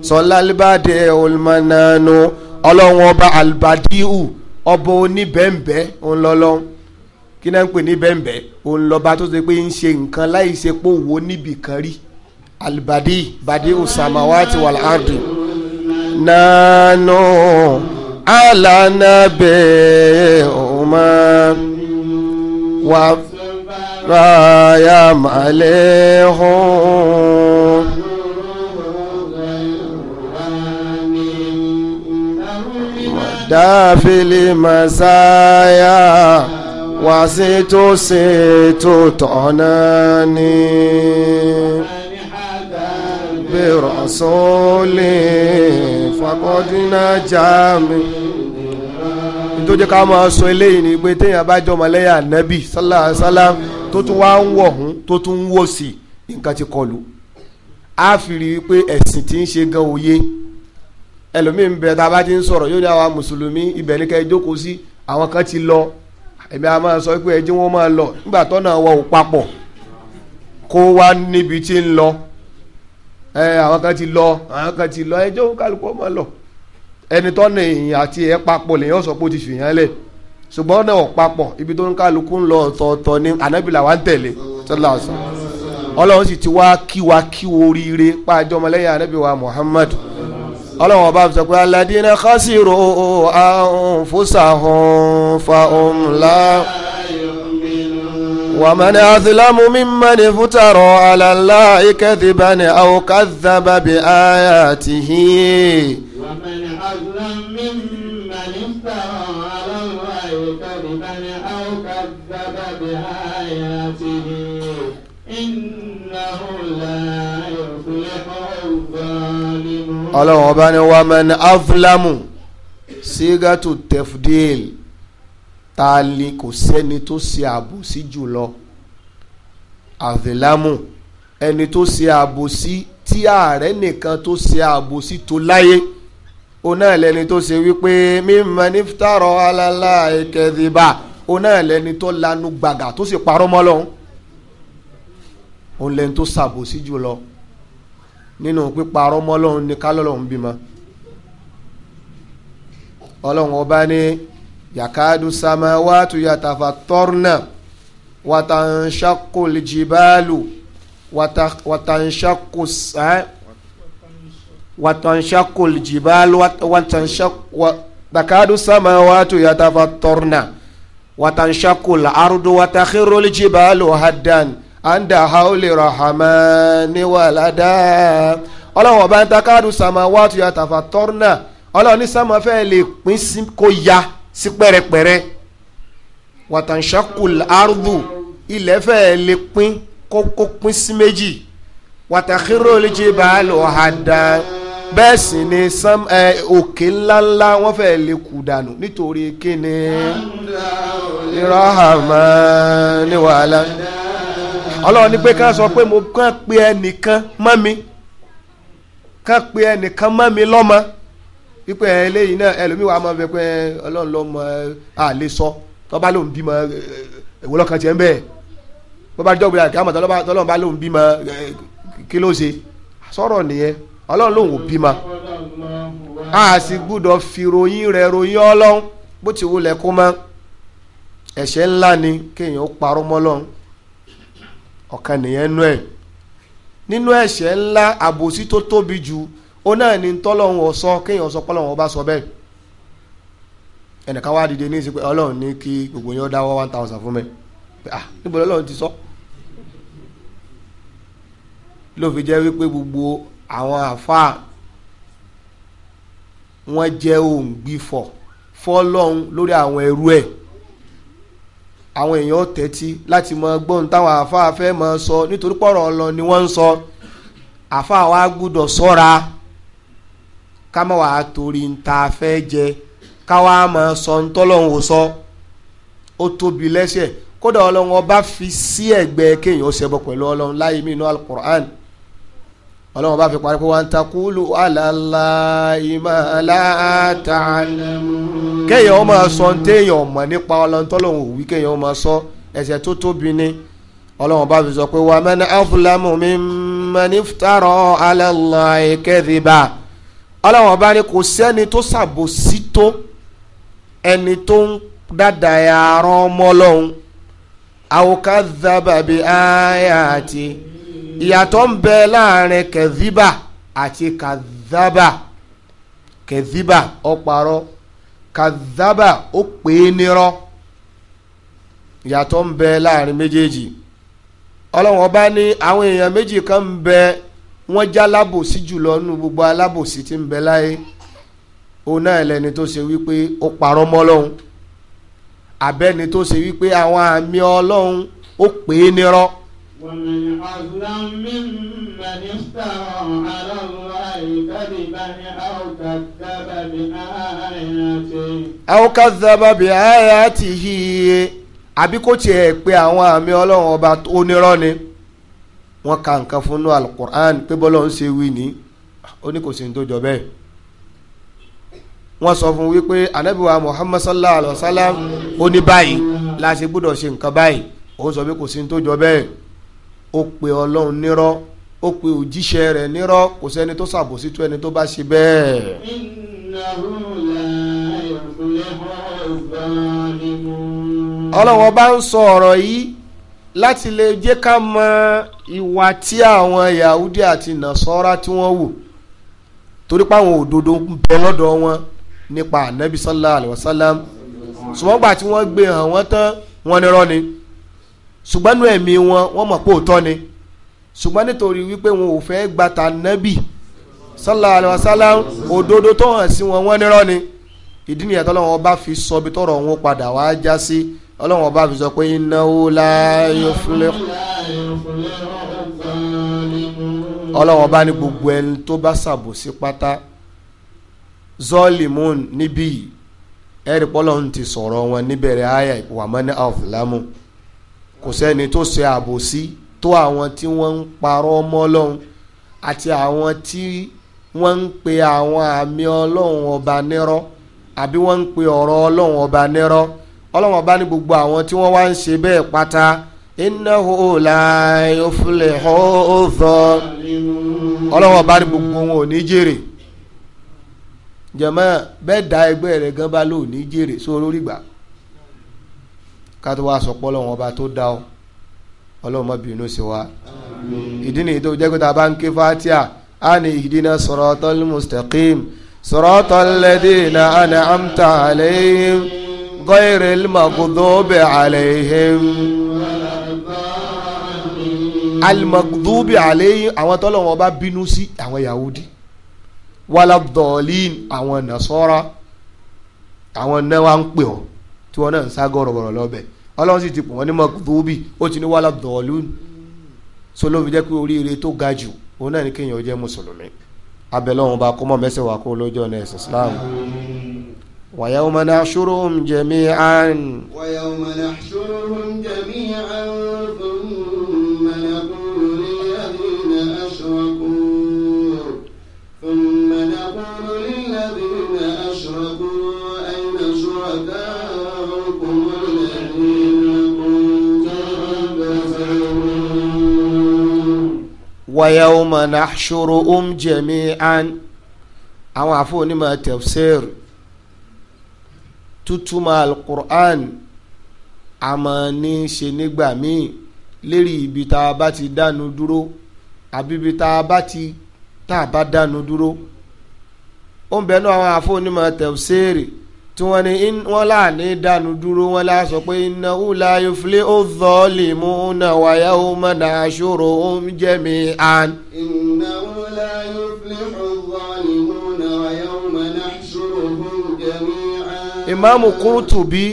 sọlálíbàdé olùmọ̀nàánú ọlọ́run ọba albadiu ọba oníbẹ̀ǹbẹ̀ ńlọlọ́n kí náà ń pè ní bẹ̀ǹbẹ̀ ńlọba tó ṣe pé ń ṣe nǹkan láì ṣe pé òwò níbì kan rí albadi badiu samawati wal ardi nánú alana bẹyìn òhùnmá wà. لا يمليه دافي لمسايا وسيت سيت تعناني برسولي فقد نجامي tó jẹ́ ká máa sọ eléyìí ni pé téèyàn bá jọmọ lẹ́yìn ànábì sálàsálà tó tún wá ń wọ̀ hún tó tún ń sí nǹkan ti kọlu a fi rí pé ẹ̀sìn tí ń gan ẹlòmíì ń bẹ tá a bá ti ń sọ̀rọ̀ yóò ní àwa mùsùlùmí ibẹ̀ ní ká ẹ ti lọ ẹ̀mí a máa sọ pé ẹjẹ́ wọn máa lọ nígbà tọ́nà wọn ò papọ̀ kó wá níbi tí ń lọ ẹ àwọn kan ti lọ àwọn kan ti lọ ẹjọ́ kálukú ọmọ lọ ẹni àti ẹ̀ papọ̀ lèyàn sọ pé ó ti fìyàn ṣùgbọ́n ọ̀nà ọ̀pápọ̀ ibi tó ń kálukú ń lọ ọ̀tọ̀ọ̀tọ̀ ní anábìlà wa ń tẹ̀lé sọlá ọ̀sán ọlọ́run sì ti wá kí wa kí oríire pàjọ́ ọmọlẹ́yìn anábì wa Muhammad ọlọ́run ọba sọ pé aládìní kásìrò ànfúsàhùn fàùnlá wàmánì àtìlámù mímánì fútàrọ̀ àlàlá ìkẹ́tìbánì àwòkàdàbà bí àyàtìhìn. wàmánì àtìlámù mímánì fútàrọ̀. كذبا أو كذب بآياته إنه لا يفلح الظالمون ọlọ́run ọba ni wà mẹ́n aflamu sígàtù tefdil ta ni kò sẹ́ni tó ṣe àbòsí jùlọ àfẹ́lámù ẹni tó ṣe àbòsí tí ààrẹ nìkan tó ṣe àbòsí tó láyé òun náà lẹni tó ṣe wípé mímọ nífítàrọ alálà ìkẹdìbà òun náà lẹni tó lanu gbàgà tó sì parọ́ mọ́ lọ́hún òun lẹni tó ṣàbòsí jùlọ nínú píparọ́ mọ́ lọ́hún ni kálọ́lọ́hún bímọ ọlọ́run ọba ní yakadu samawatu yatafatorna watanshakul jibalu watanshakul sàn watanshakul jibal watanshak takadu samawatu torna watanshakul ardu watakhirul jibalu haddan anda hauli rahamani walada ọlọ́wọ́n bá ń takadu samawatu yatafattorna ọlọ́wọ́n ní sáma fẹ́ lè pín sí kó ya sí pẹ́rẹpẹ́rẹ watanshakul ardu ilẹ̀ fẹ́ lè pín kó kó pín sí méjì watakhirul jibalu haddan bẹ́ẹ̀ sì ni òkè ńláńlá wọ́n fẹ́ lè kú dànù nítorí kíni ìrọ̀hàmà ní wàhálà ọlọ́run ní pé ká sọ pé mo kàn pé ẹnìkan mọ́ mi kàn pé ẹnìkan mọ́ mi lọ́mọ pípẹ́ eléyìí náà ẹlòmíì wàá máa fẹ́ pé ọlọ́run lọ́mọ àlè sọ tọ́ba ló ń bímọ ìwọlọ́kan tiẹ̀ ń bẹ́ẹ̀ bọ́ba jọ́gbìyà kí tọ́lọ́ba ló bímọ kí ló ṣe sọ̀rọ̀ nìyẹn ọlọ́run lòun ò bímọ a sì gbúdọ̀ fi ròyìn rẹ̀ ròyìn ọlọ́run bó ti wulẹ̀ kó mọ́ ẹ̀ṣẹ̀ ńlá ni kéèyàn ó parọ́ mọ́lọ́run ọ̀kan nìyẹn nú ẹ̀ nínú ẹ̀ṣẹ̀ ńlá àbòsí tó tóbi jù ó náà ní tọ́lọ́run ọ̀sọ kéèyàn ọ̀sọ pọ́lọ́run ọba sọ bẹ́ẹ̀ ẹnìkan wá dìde ní ìsìnkú ọlọ́run ní kí gbogbo yẹn ó dáwọ́ one thousand fún mi ah níbo lọ́lọ́run ti sọ ló fi jẹ́ wípé gbogbo àwọn àfáà wọ́n jẹ́ òǹgbìfọ̀ fọ́lọ́hún lórí àwọn ẹrú ẹ̀ àwọn èèyàn tẹ́tí láti mọ gbọ́n táwọn àfáà fẹ́ mọ sọ nítorí pọ̀rọ̀ ọlọ ni wọ́n ń sọ àfáà wa gbúdọ̀ sọ́ra ká má wàá torí ń ta fẹ́ jẹ ká wá mọ sọ ń tọ́lọ́hún ò sọ ó tóbi lẹ́sẹ̀ kódà ọlọ́run ọba fi sí ẹ̀gbẹ́ kéèyàn ṣẹbọ pẹ̀lú ọlọ́run láyé mí inú alukur'an. No ọlọ́run bá fi parí pé wọ́n ń takúlù àlàlà ìmọ̀lá tààlẹ́mú. kéèyàn ọmọ sọ téèyàn mọ̀ nípa ọlọ́run tọ́lọ́run òwí kéèyàn ọmọ sọ ẹ̀ṣẹ̀ tó tóbi ni ọlọ́run bá fi sọ pé wà mẹ́ni afúlámù mi mẹ́ni tààrọ̀ àlàlà ìkẹ́dìbà ọlọ́run bá ní kò sẹ́ni tó ṣàbòsí tó ẹni tó ń dàdà yàrá ọmọ ọlọ́run àwòká dábàbí ayé àti ìyàtọ̀ ń bẹ láàrin kẹ̀díbà àti kàdábà kẹ̀díbà ọ̀parọ́ kàdábà ó pè é nírọ́ ìyàtọ̀ ń bẹ láàrin méjèèjì ọlọ́wọ́n bá ní àwọn èèyàn méjì kan ń bẹ wọ́n já lábòsí jùlọ nínú gbogbo alábòsí tí ń bẹ láyé òun náà lẹni tó ṣe wípé ó parọ́ mọ́ Ọlọ́hun abẹ́ni tó ṣe wípé àwọn àmì Ọlọ́hun ó pè é nírọ́ ومن أظلم ممن افترى على الله كذبا أو كذب بآياته أو كذب بآياته àbí kò tiẹ̀ pé àwọn àmì ọlọ́run ọba tó nírọ́ ni wọ́n ka nǹkan fún nù alukur'an pé bọ́lá ń ṣe wí ní ó ní kò sí ní tó jọ bẹ́ẹ̀ wọ́n sọ fún wípé anabiwa muhammad sallallahu alayhi wa sallam ó ní báyìí la ṣe ṣe nǹkan báyìí ó sọ pé kò sí ní tó jọ bẹ́ẹ̀ ó pe ọlọ́run nírọ́ ó pe òjíṣẹ́ rẹ̀ nírọ́ kò sẹ́ni tó ṣàbòsí tó ẹni tó bá ṣe bẹ́ẹ̀. ọlọ́run ọba ń sọ ọ̀rọ̀ yìí láti lè jẹ́ ká mọ ìwà tí àwọn Yahudi àti Nasara tí wọ́n wù torí pé òdodo ń lọ́dọ̀ wọn nípa anabi sallallahu alayhi wa sallam ṣùgbọ́n tí wọ́n gbé hàn wọ́n tán wọ́n nírọ́ ni. Rani ṣùgbọ́n nínú ẹ̀mí wọn wọ́n mọ̀ pé òótọ́ ni ṣùgbọ́n nítorí wípé wọn ò fẹ́ gbàtà nábì sallallahu alaihi wasallam òdodo tó hàn sí wọn wọ́n nírọ́ ni ìdí nìyẹn tó lọ́wọ́ bá fi sọ bí tọrọ wọn padà wá já sí ọlọ́wọ́n bá fi sọ pé innahu la yuflih ọlọ́wọ́n bá ní gbogbo ẹni tó bá ṣàbòsí pátá zọ́ọ̀lìmùn níbí ẹ̀rí pọ́lọ́hún ti sọ̀rọ̀ wọn níbẹ̀rẹ̀ àyà wàmọ́ ní àfúlámù kò sẹ́ni tó ṣe àbòsí tó àwọn tí wọ́n ń parọ́ mọ́ ọlọ́run àti àwọn tí wọ́n ń pe àwọn àmì ọlọ́run ọba nírọ́ àbí wọ́n ń pe ọ̀rọ̀ ọlọ́run ọba nírọ́ ọlọ́run ọba ní gbogbo àwọn tí wọ́n wá ń ṣe bẹ́ẹ̀ pátá innahu la yuflihu zalimun ọlọ́run ọba ní gbogbo wọn ò ní jèrè jẹ̀mọ́ bẹ́ẹ̀ da ẹgbẹ́ rẹ̀ gan bá lò ní jèrè sórí gbà. So, kátó wá sọ pọ́lọ́ wọn ọba tó dá ọ ọlọ́run má bínú sí wa ìdí nìyí tó jẹ́ pé tá a bá ń ké fatia á ní ihdina siratal mustaqim siratal ladina an'amta alayhim ghayril maghdubi alayhim al-maghdubi alayhim àwọn tọ́lọ̀ wọn bá bínú sí àwọn yahudi wàlá dọ̀ọ́lìn àwọn nasara àwọn náà wá ń pè ọ́ tí wọn náà ń sá gọ̀rọ̀gọ̀rọ̀ lọ́bẹ̀ ọlọ́run sì ti pò wọ́n ní mọ̀kúbí ó ti ní wàhálà dọ̀ọ́lù solóbi jẹ́ pé oríire tó ga jù òun náà ní kéèyàn jẹ́ mùsùlùmí abẹ́lọ́run bá kó mọ́ mẹ́sẹ̀ wá kó lọ́jọ́ náà ẹ̀sìn Islam. wa yawma nahshuruhum jami'an. wa yawma nahshuruhum jami'an. wa yawma nahshuruhum jami'an àwọn àfọ onímọ̀ tafsir tútúmọ̀ alukur'an àmọ́ ní ṣe nígbà míì lérí ibi tá a bá ti dánu dúró àbí ibi tá a bá ti tá a bá dánu dúró ó ń bẹnu àwọn àfọ onímọ̀ tafsir tí wọ́n ní wọ́n láàní dànù dúró wọ́n lá sọ pé iná ula yuflih adh-dhalimuna wa yawma nahshuruhum jami'an. iná ula yuflih adh-dhalimuna wa yawma nahshuruhum jami'an. ìmáàmù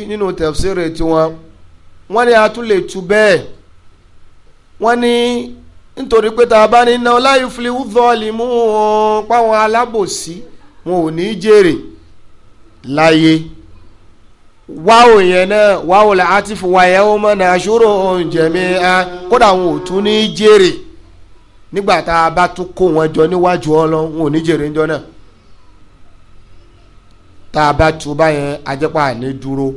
nínú tiwọn wọ́n ní a tu bẹ́ẹ̀ wọ́n ní nítorí pé bá ní iná alábòsí ò ní jèrè. láyé wáwò yẹn náà wáwò lẹ́ àti fòwà yẹn ó mọ̀ náà ṣòro oúnjẹ mi ẹ́ kódà wọn ò tún ní jèrè nígbà tá a bá tún kó wọn jọ níwájú ọlọ́run wọn ò ní jèrè ńjọ náà tá a bá tu báyẹn ajẹ́pà ní dúró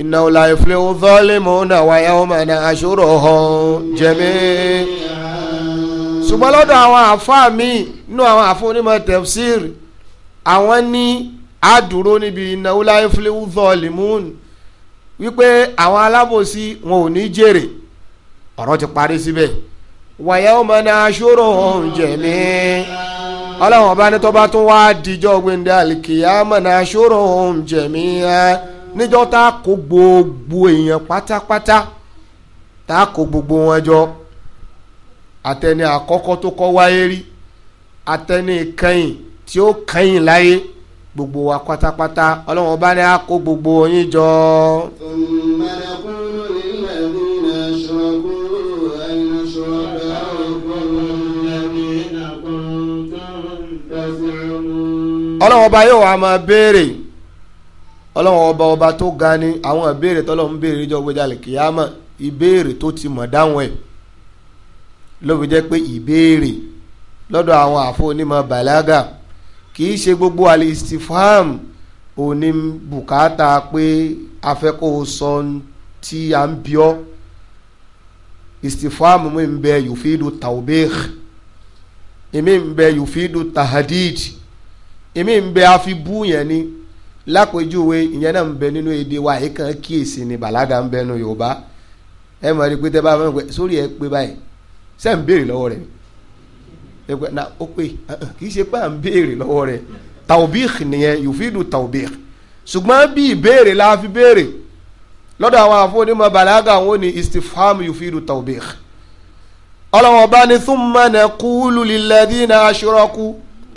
iná ọláyé filẹ̀ ó fọ́lẹ́ mọ́ náà wáyé ó mọ̀ náà ṣòro oúnjẹ mi ṣùgbọ́n lọ́dọ̀ àwọn àfáà míì nínú àwọn àfọ a dúró níbi ìnáwó láyé fúléwú zọlìmún wípé àwọn alábòsí wọn ò ní jèrè ọ̀rọ̀ ti parí síbẹ̀ wàyà ọmọ náà ṣòro ọ̀hún ní tó wá dijọ́ gbẹ̀ndẹ̀ náà ṣòro gbogbo èèyàn pátápátá tá a gbogbo wọn jọ àtẹni àkọ́kọ́ tó kọ́ wáyé rí àtẹni kẹ́yìn tí gbogbo wa pátápátá ọlọ́run bá ní a kọ gbogbo yín jọ. ọlọ́run ọba yóò wá máa béèrè ọlọ́run ọba ọba tó ga ni àwọn ìbéèrè tọ́lọ́run béèrè níjọ́ gbẹ́jàlè kìyàmọ̀ ìbéèrè tó ti mọ̀ dáhùn ẹ̀ ló fi jẹ́ pé ìbéèrè lọ́dọ̀ àwọn àfọ onímọ̀ bàlágà. kì í ṣe gbogbo alistifam òní bùkátà pé a fẹ́ kó o sọ tí a ń bí ọ́ istifam mi ń bẹ yufidu tawbih èmi ń bẹ yufidu tahadid èmi ń bẹ afi bú yẹn ni lápèjúwe ìyẹn náà ń bẹ nínú èdè wa èyí kan kíyèsí ni bàlágà ń bẹ nínú yorùbá ẹ mọ̀ ẹ́ rí i bá fẹ́ sórí ẹ pé báyìí sẹ́ ń béèrè lọ́wọ́ rẹ̀ mi ẹgbẹ́ na ó pè ah, ah, kì í ṣe pé à ń béèrè lọ́wọ́ rẹ̀ tawbikh nìyẹn yufidu tawbikh ṣùgbọ́n bí ìbéèrè la fi béèrè lọ́dọ̀ àwọn àfọwọ́nímọ̀ balaga àwọn ni istifham yufidu tawbikh ọlọ́wọ́n bá ní thumma naqulu lilladhina ashraku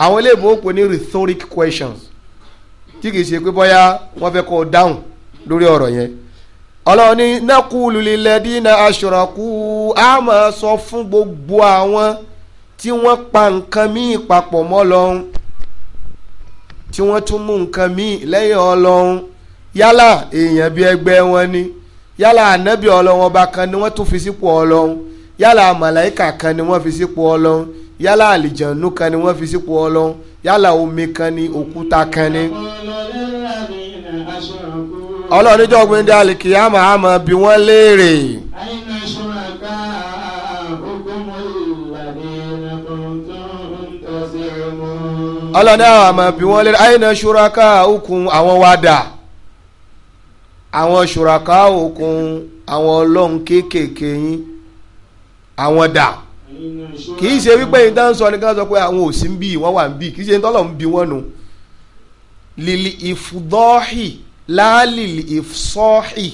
àwọn eléèbó pè ní rhetoric questions tí kì í ṣe pé bọ́yá wọ́n fẹ́ kọ́ dáhùn lórí ọ̀rọ̀ yẹn ọlọ́run ní naqulu lilladhina ashraku á sọ fún gbogbo àwọn tí wọ́n pa nǹkan míì papọ̀ mọ́ lọ́hún tí wọ́n tún mú nǹkan míì lẹ́yìn ọlọ́hún yálà èèyàn bíi ẹgbẹ́ wọn ni yálà ànábì ọlọ́hún ọba kan ni wọ́n tún fi sípò ọlọ́hún yálà màláìkà kan ni wọ́n fi sípò ọlọ́hún yálà àlìjànú kan ni wọ́n fi sípò ọlọ́hún yálà omi kan ni òkúta kan ni. ọlọ́run níjọ́ gbẹ̀ndé àlìkìyàmọ̀ àmọ́ bí wọ́n léèrè. ọlọ́ni àwọn àmọ́ bí wọ́n lérò àyìnà ṣuraka okùn àwọn wa dà àwọn ṣuraka okùn àwọn ọlọ́run kéékèèké yín àwọn dà kì í ṣe wípé yìí dáhùn sọ ni ká sọ pé àwọn ò sí ń bí wọ́n wà ń bí kì ṣe tọ́lọ̀ ń bí wọ́n nu lili ìfudọ́hì láàlìlì ìfsọ́hì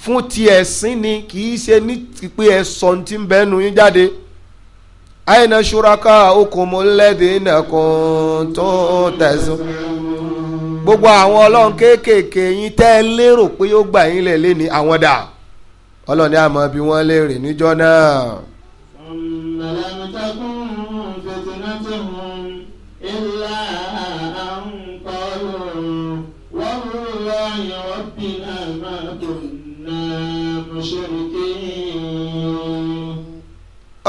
fún ti ẹ̀sìn ni kì ṣe ní pé ẹ̀sọ̀ ti ń bẹ́nu yín jáde. أين شركاؤكم الذين كنتم تزعمون gbogbo àwọn ọlọ́run kéékèèké yín tẹ́ ẹ lérò pé ó gbà yín lè lé àwọn dà ọlọ́run ní àmọ́ bí wọ́n níjọ́ náà.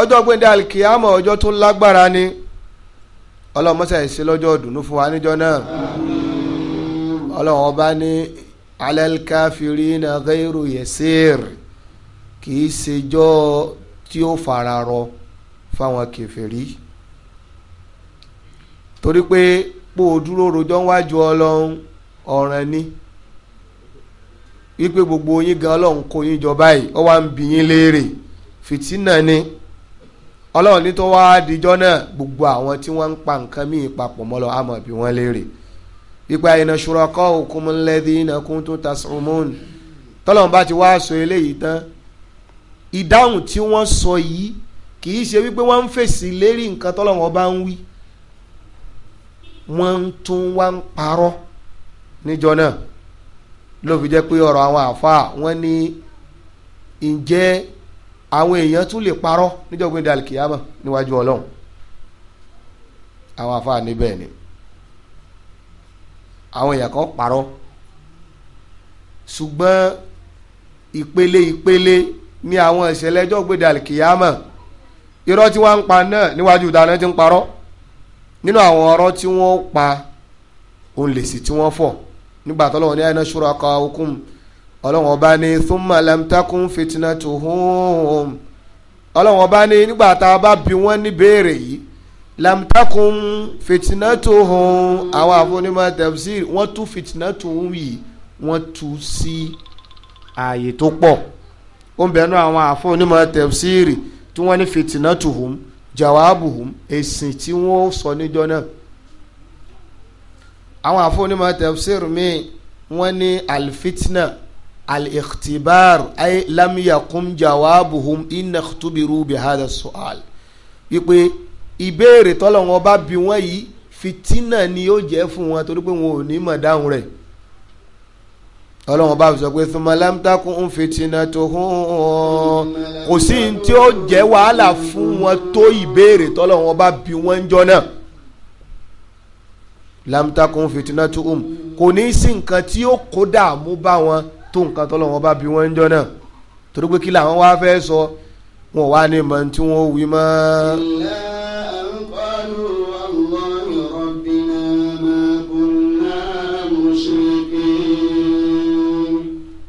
ọjọ́ gbẹ̀ndẹ̀ alikiyama ọjọ́ tó lágbára ni ọlọ́mọṣẹ́ ìṣe lọ́jọ́ ọdún fún wa níjọ́ náà ọlọ́wọ́n bá ní alẹ́lkáfírí na gẹ́rù yẹ̀sẹ̀r kì í ṣèjọ́ tí ó fara rọ fáwọn kẹfẹ́rí torí pé pò dúró rojọ́ wájú ọlọ́run ọ̀ràn ni wípé gbogbo yín gan ọlọ́run kó yín jọ báyìí ó wá ń bi yín léèrè fìtínà ni ọlọ́run ní tó wáá dijọ́ náà gbogbo àwọn tí wọ́n ń pa nǹkan míì papọ̀ mọ́ lọ àmọ́ bí wọ́n léèrè ipa iná ṣùrọ̀kọ́ òkun lẹ́dí iná kún tó ta sọ́mọ́n tọ́lọ́run bá ti wáá sọ eléyìí tán ìdáhùn tí wọ́n sọ yìí kì í ṣe wípé wọ́n ń fèsì lérí nǹkan tọ́lọ́run ọba ń wí wọ́n tún wá ń parọ́ níjọ́ náà ló fi jẹ́ pé ọ̀rọ̀ àwọn àfa wọ́n ní ǹjẹ́ àwọn èèyàn tún lè parọ́ níjọba ìdá alikiyama níwájú ọlọ́run àwọn afa níbẹ̀ ni àwọn èèyàn kan parọ́ ṣùgbọ́n ìpele ìpele ni àwọn ìṣẹ̀lẹ̀ ẹjọ́ gbèdà alikiyama irọ́ tí wọ́n ń pa náà níwájú ìdáná ti ń parọ́ nínú àwọn ọ̀rọ̀ tí wọ́n pa òun tí wọ́n fọ̀ nígbà tó lọ́wọ́ ní àyìnà ṣúra ká okùn ọlọ́run ọba ní thumma lam takun fitnatuhum ọlọ́run ọba ní nígbà tá a bá bi wọ́n ní béèrè yìí lam takun fitnatuhum àwọn àfọnímọ̀ tafsir wọ́n tú fitnatuhum yìí wọ́n tú sí ààyè tó pọ̀ ó ń bẹ̀ẹ́nu àwọn àfọnímọ̀ tafsir tí wọ́n ní fitnatuhum jawaabuhum èsì tí wọ́n sọ níjọ́ náà àwọn àfọnímọ̀ tafsir míì wọ́n ní alfitna al-ikhtibar ay lam yakum jawabuhum inna ikhtubiru bi hadha su'al wípé ìbéèrè tọ́lọ́wọ́n bá bi wọ́n yìí fitina ni yóò jẹ́ fún wọn torí pé wọn ò ní mọ̀ dáhùn rẹ̀ ọlọ́wọ́n bá sọ pé thumma lam takun fitinatuhum kò sí ní tí ó jẹ́ wàhálà fún wọn tó ìbéèrè tọ́lọ́wọ́n bá bi wọ́n ń jọ náà lam takun fitinatuhum kò ní sí nǹkan tí ó kó dààmú bá wọn tó nǹkan tó lọ́wọ́ bá bí wọ́n ń jọ náà torí pé kí làwọn wá fẹ́ sọ wọn wá ní mọ̀ tí wọ́n wí mọ́.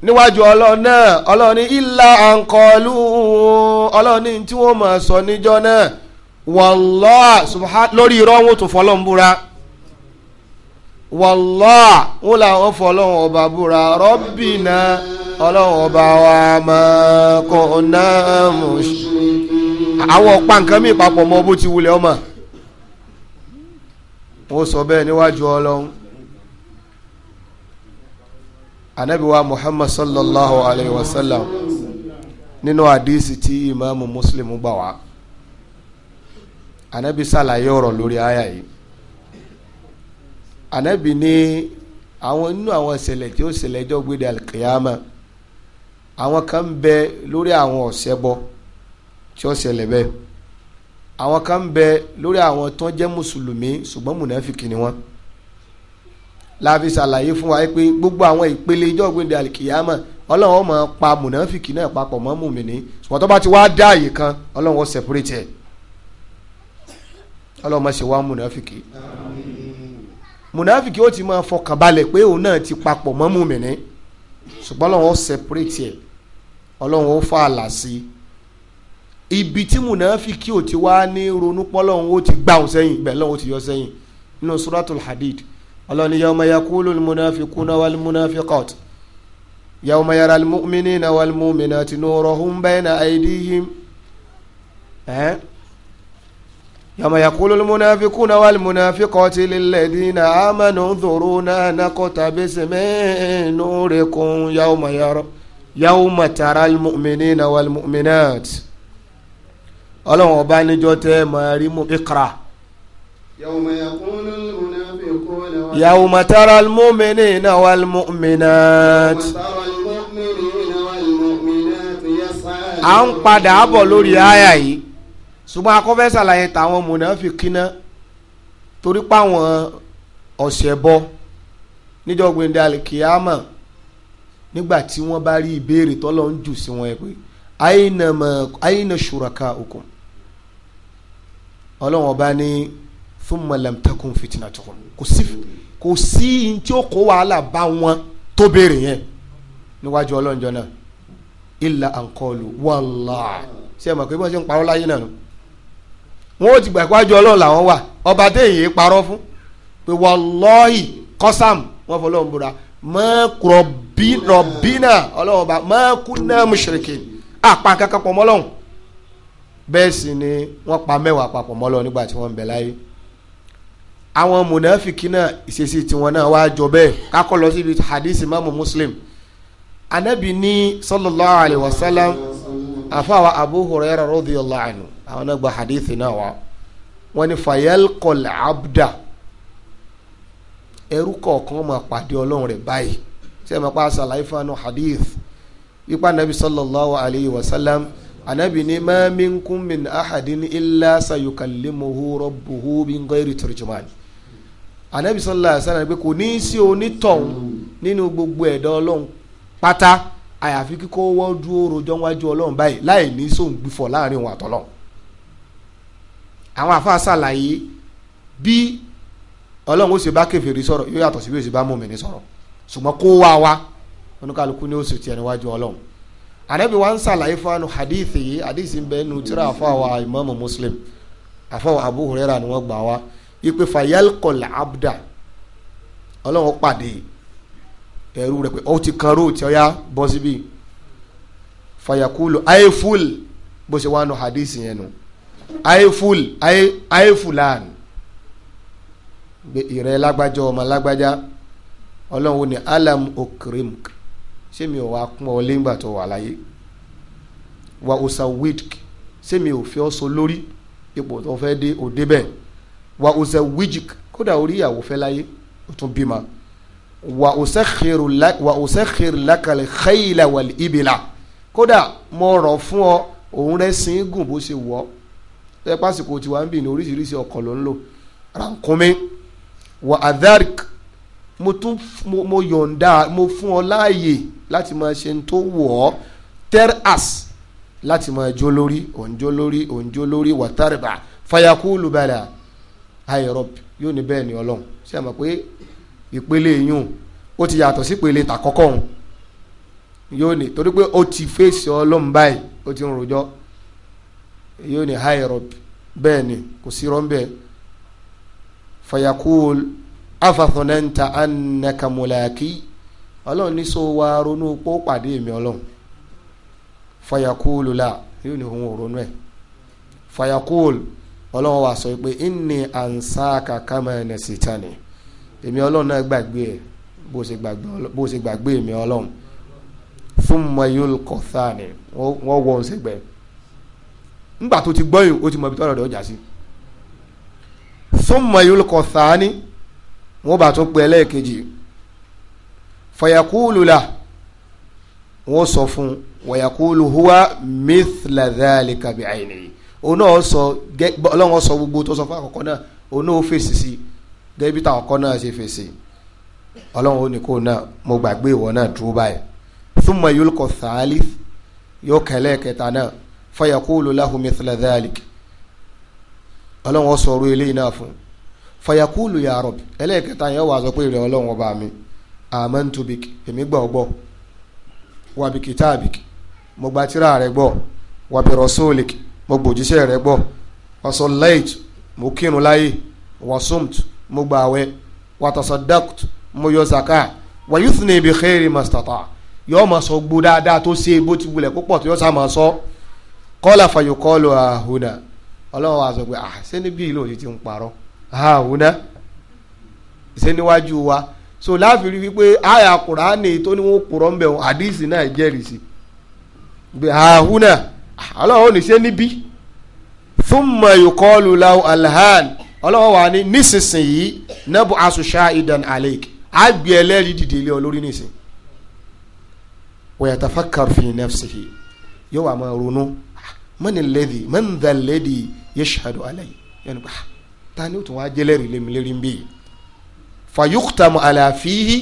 níwájú ọlọ́run náà ọlọ́run ní ìlà àǹkọ́lù ọlọ́run ní tí wọ́n máa sọ níjọ́ náà wọ́n lọ́ọ́ lórí irọ́ wọn tún fọlọ́ ń wàlá wọn làwọn fọ ọlọ́run ọba búra rọ́bìnà ọlọ́run ọba wa máa kọ́ náà mọ̀ àwọn ọ̀pá nǹkan mi papọ̀ mọ́ bó ti wulẹ̀ ọmọ wọn sọ bẹ́ẹ̀ níwájú ọlọ́run anabiwa muhammad sallallahu alayhi wa sallam nínú àdísì tí ìmáàmù muslim gbà wá anabi sàlàyé ọ̀rọ̀ lórí àyà yìí anabi ní àwọn inú àwọn ìṣẹ̀lẹ̀ tí ó ṣẹlẹ̀ ẹjọ́ gbéde alikiyama àwọn kan ń bẹ lórí àwọn ọ̀ṣẹbọ tí ó ṣẹlẹ̀ bẹ́ẹ̀ àwọn kan ń bẹ lórí àwọn tó jẹ́ mùsùlùmí ṣùgbọ́n mùnàfíkì ni wọ́n láàfin ṣàlàyé fún wa pé gbogbo àwọn ìpele ìjọ gbéde alikiyama ọlọ́run ó máa pa mùnàfíkì náà papọ̀ mọ́ mùmìnì ṣùgbọ́n tó bá ti wá dá àyè kan ọlọ́run ó separate ẹ̀ munafiki o ti máa fọkàn balẹ̀ pé òun náà ti papọ̀ mọ́ mùmìnì ṣùgbọ́n ọlọ́run ó separate ẹ̀ ọlọ́run ó fa àlà sí i ibi tí munafiki o ti wá ní ronú pọ́lọ́run ó ti gbà òun sẹ́yìn bẹ́ẹ̀ lọ́run ó ti yọ sẹ́yìn nínú suratul hadid ọlọ́run ni يوم يقول المنافقون والمنافقات للذين آمنوا انظرونا نقتبس من نوركم يوم يرى يوم ترى المؤمنين والمؤمنات ọlọ́run ọba níjọ́ tẹ́ máa rí mú ikra. yawma tara al-mu'minina wal-mu'minat. à ń padà bọ̀ lórí àyà yìí ṣùgbọ́n akọ́fẹ́ ṣàlàyé tàwọn mùnàfíkì náà torí páwọn ọ̀sẹ̀ bọ níjọ́ gbẹ̀ndẹ̀ alikiyama nígbà tí wọ́n bá rí ìbéèrè tọ́lọ́ ń jù sí wọn ẹ pé àyìnà ṣùràkà òkun ọlọ́wọ́n ọba ní fún mọ̀lẹ́mtẹ́kùn fìtìnà tó kò sí tí ó kó wàhálà bá wọn tó béèrè yẹn níwájú ọlọ́njọ́ náà ìlà àǹkọ́ọ̀lù wàláà ṣé ẹ mọ̀ pé bí wọ́n ṣe ń parọ́ láyé náà nù wọn ò ti gbà pàjọ ọlọ́run làwọn wà ọba téèyàn parọ́ fún pé wàlọ́ọ̀hì kọ́sàm wọn fọlọ́run búra mọ́kùrọ̀ bí rọ̀bínà ọlọ́run ọba mọ́kùnà mùsùlùkì àpá kankan pọ̀ mọ́lọ́run bẹ́ẹ̀ sì ni wọ́n pa mẹ́wàá papọ̀ mọ́lọ́run nígbà tí wọ́n ń bẹ láyé àwọn mùnàfìkì náà ìṣesí tiwọn náà wá jọ bẹ́ẹ̀ kákọ́ lọ síbi hadith imaamu muslim anabi ní sallallahu alayhi wa sallam àfàwà abu hurairah radiyallahu anhu àwọn náà gba hadithi náà wá wọ́n ní fayalqal abda ẹrú kọ̀ọ̀kan máa pàdé ọlọ́run rẹ̀ báyìí ṣé máa pa àṣàlàyé fún àánú hadith ipa nabi sallallahu alayhi wa sallam anabi ni ma minkum min ahadin illa sayukallimuhu rabbuhu bin ghairi turjuman anabi sallallahu alayhi wa sallam pé kò ní í sí onítọ̀hún nínú gbogbo ẹ̀dá ọlọ́run pátá àyàfi kíkó wọ́n dúró rojọ́ wájú ọlọ́run báyìí láì ní sóhun gbìfọ̀ láàrin wọn àtọ́lọ́run àwọn àfa ṣàlàyé bí ọlọ́run ó ṣe bá kèfèrí sọ̀rọ̀ yóò yàtọ̀ sí bí ó ṣe bá mùmínì sọ̀rọ̀ ṣùgbọ́n kó wá wa oníkàlùkù ni ó sì tiẹ̀ níwájú ọlọ́run anabi wa ń ṣàlàyé fún anu hadithi yìí hadithi ń bẹ nu tírà àfọwà imaamu muslim àfọwà abu huraira ni wọ́n gbà wá ipe fayalkol abda ọlọ́run pàdé ẹrú rẹ pé ó ti kan róò tí ó yá bọ́ síbí fayakulu ayeful bó ṣe wá nu hadithi yẹn nu. No ayé fúl ayé ayé fúlàn ìrẹ́ lágbájá ọmọ lágbájá ọlọ́run ní alam okrimk ṣé mi ò wá kún ọ lẹ́yìn ìgbà tó wà wa usawidk ṣé mi ò fi ọ́ so lórí ipò tó fẹ́ dé òde bẹ́ẹ̀ wa usawijik kódà orí ìyàwó fẹ́ láyé ó tún bímọ wa usakhiru la wa usakhiru lakal khayla wal ibila kódà mo rọ̀ fún ọ òun rẹ̀ sìn gùn bó ṣe wọ̀ tẹ́ pásìkò tiwa ń bì ní oríṣiríṣi ọkọ̀ ló ń lò rànkúnmí wà adharik mo tún mo yọ̀ǹda mo fún ọ láàyè láti máa ṣe tó wọ̀ ọ́ teras láti máa jó lórí òǹjó lórí òǹjó lórí wà tàrìbà fayakulu bala ayọ̀rọ̀ yóò ní bẹ́ẹ̀ ni ọlọ́run ṣe é mọ̀ pé ìpele yìí ó ti yàtọ̀ sí ìpele tàkọ́kọ́ yóò ní torí pé ó ti fèsì ọlọ́run báyìí ó ti ń rojọ́ yóò ní hi rob bẹ́ẹ̀ ni kò sí rọ́ńbẹ́ fayakul afathonanta anakamulaki ọlọ́run ní so wa ronú pó pàdé mi ọlọ́run fayakul la yóò ní òun ò ronú ẹ̀ fayakul ọlọ́run wa sọ pé inni ansaka kama nasitani èmi ọlọ́run náà gbàgbé ẹ̀ bó ṣe gbàgbé mi ọlọ́run thumma yulqathani wọ́n wọ́n ṣègbè. ngba tó ti gbọ́yìn o ti mọ ibi tọ́lọ̀ rẹ̀ ọjà sí. summa yulqa thani wọn bá tún pe ẹlẹ́ẹ̀kejì la sọ fún wayaqulu huwa mithla kabi bi'aynihi òun náà sọ ọlọ́run sọ gbogbo tó sọ fún àkọ́kọ́ náà òun náà fèsì sí táwọn náà ṣe fèsì ní kó náà mo gbàgbé ìwọ náà dúró báyìí yóò náà fayakulu lahu mithla dhalik ọlọ́run ó sọ̀rọ̀ eléyìí náà fún fayakulu ya rọ̀bì ẹlẹ́ẹ̀kẹta yẹn wàá sọ pé ìrẹ̀ ọlọ́run ọba mi amantu bik èmi gbà ọ́ gbọ́ wa bi kitaabik mo gba tírà rẹ gbọ́ wa bi rasulik mo gbòjíṣẹ́ rẹ gbọ́ wa sallait mo kírun láyè wa sumt mo gba àwẹ̀ wa mo yọ zaka wa yuthni mastata yọ ma sọ gbó dáadáa tó ṣe bó ti wulẹ̀ púpọ̀ tó yọ sá ma sọ. So kọ́lá fayokọ́lù ahuna ọlọ́run wa sọ pé ah ṣé níbí ìlú òní ti ń parọ́ ahuna ṣé níwájú wa so láàfin rí wípé àyà kùránì tó ní wọn kúrọ́ ń bẹ̀ wọn àdìsí náà jẹ́rìí sí pé ahuna ọlọ́run ò ní ṣe níbí thumma yukọ́lù lahu alhan ọlọ́run wa ní nísinsìnyí nabu asusha idan aleik àgbẹ̀ ẹlẹ́rìí dìde ilé olórí nísìn wọ́n yàtọ̀ fakar fi yóò wà máa ronú mọ́ni lẹ́dí mọ́ndà lẹ́dí yẹ́sàdù alẹ́ yìí yẹn nípa ah, ta ni o tún wá jẹ́lẹ́rìí lèmi lérí ń bí yìí fàyùkùtàmù àlàáfíì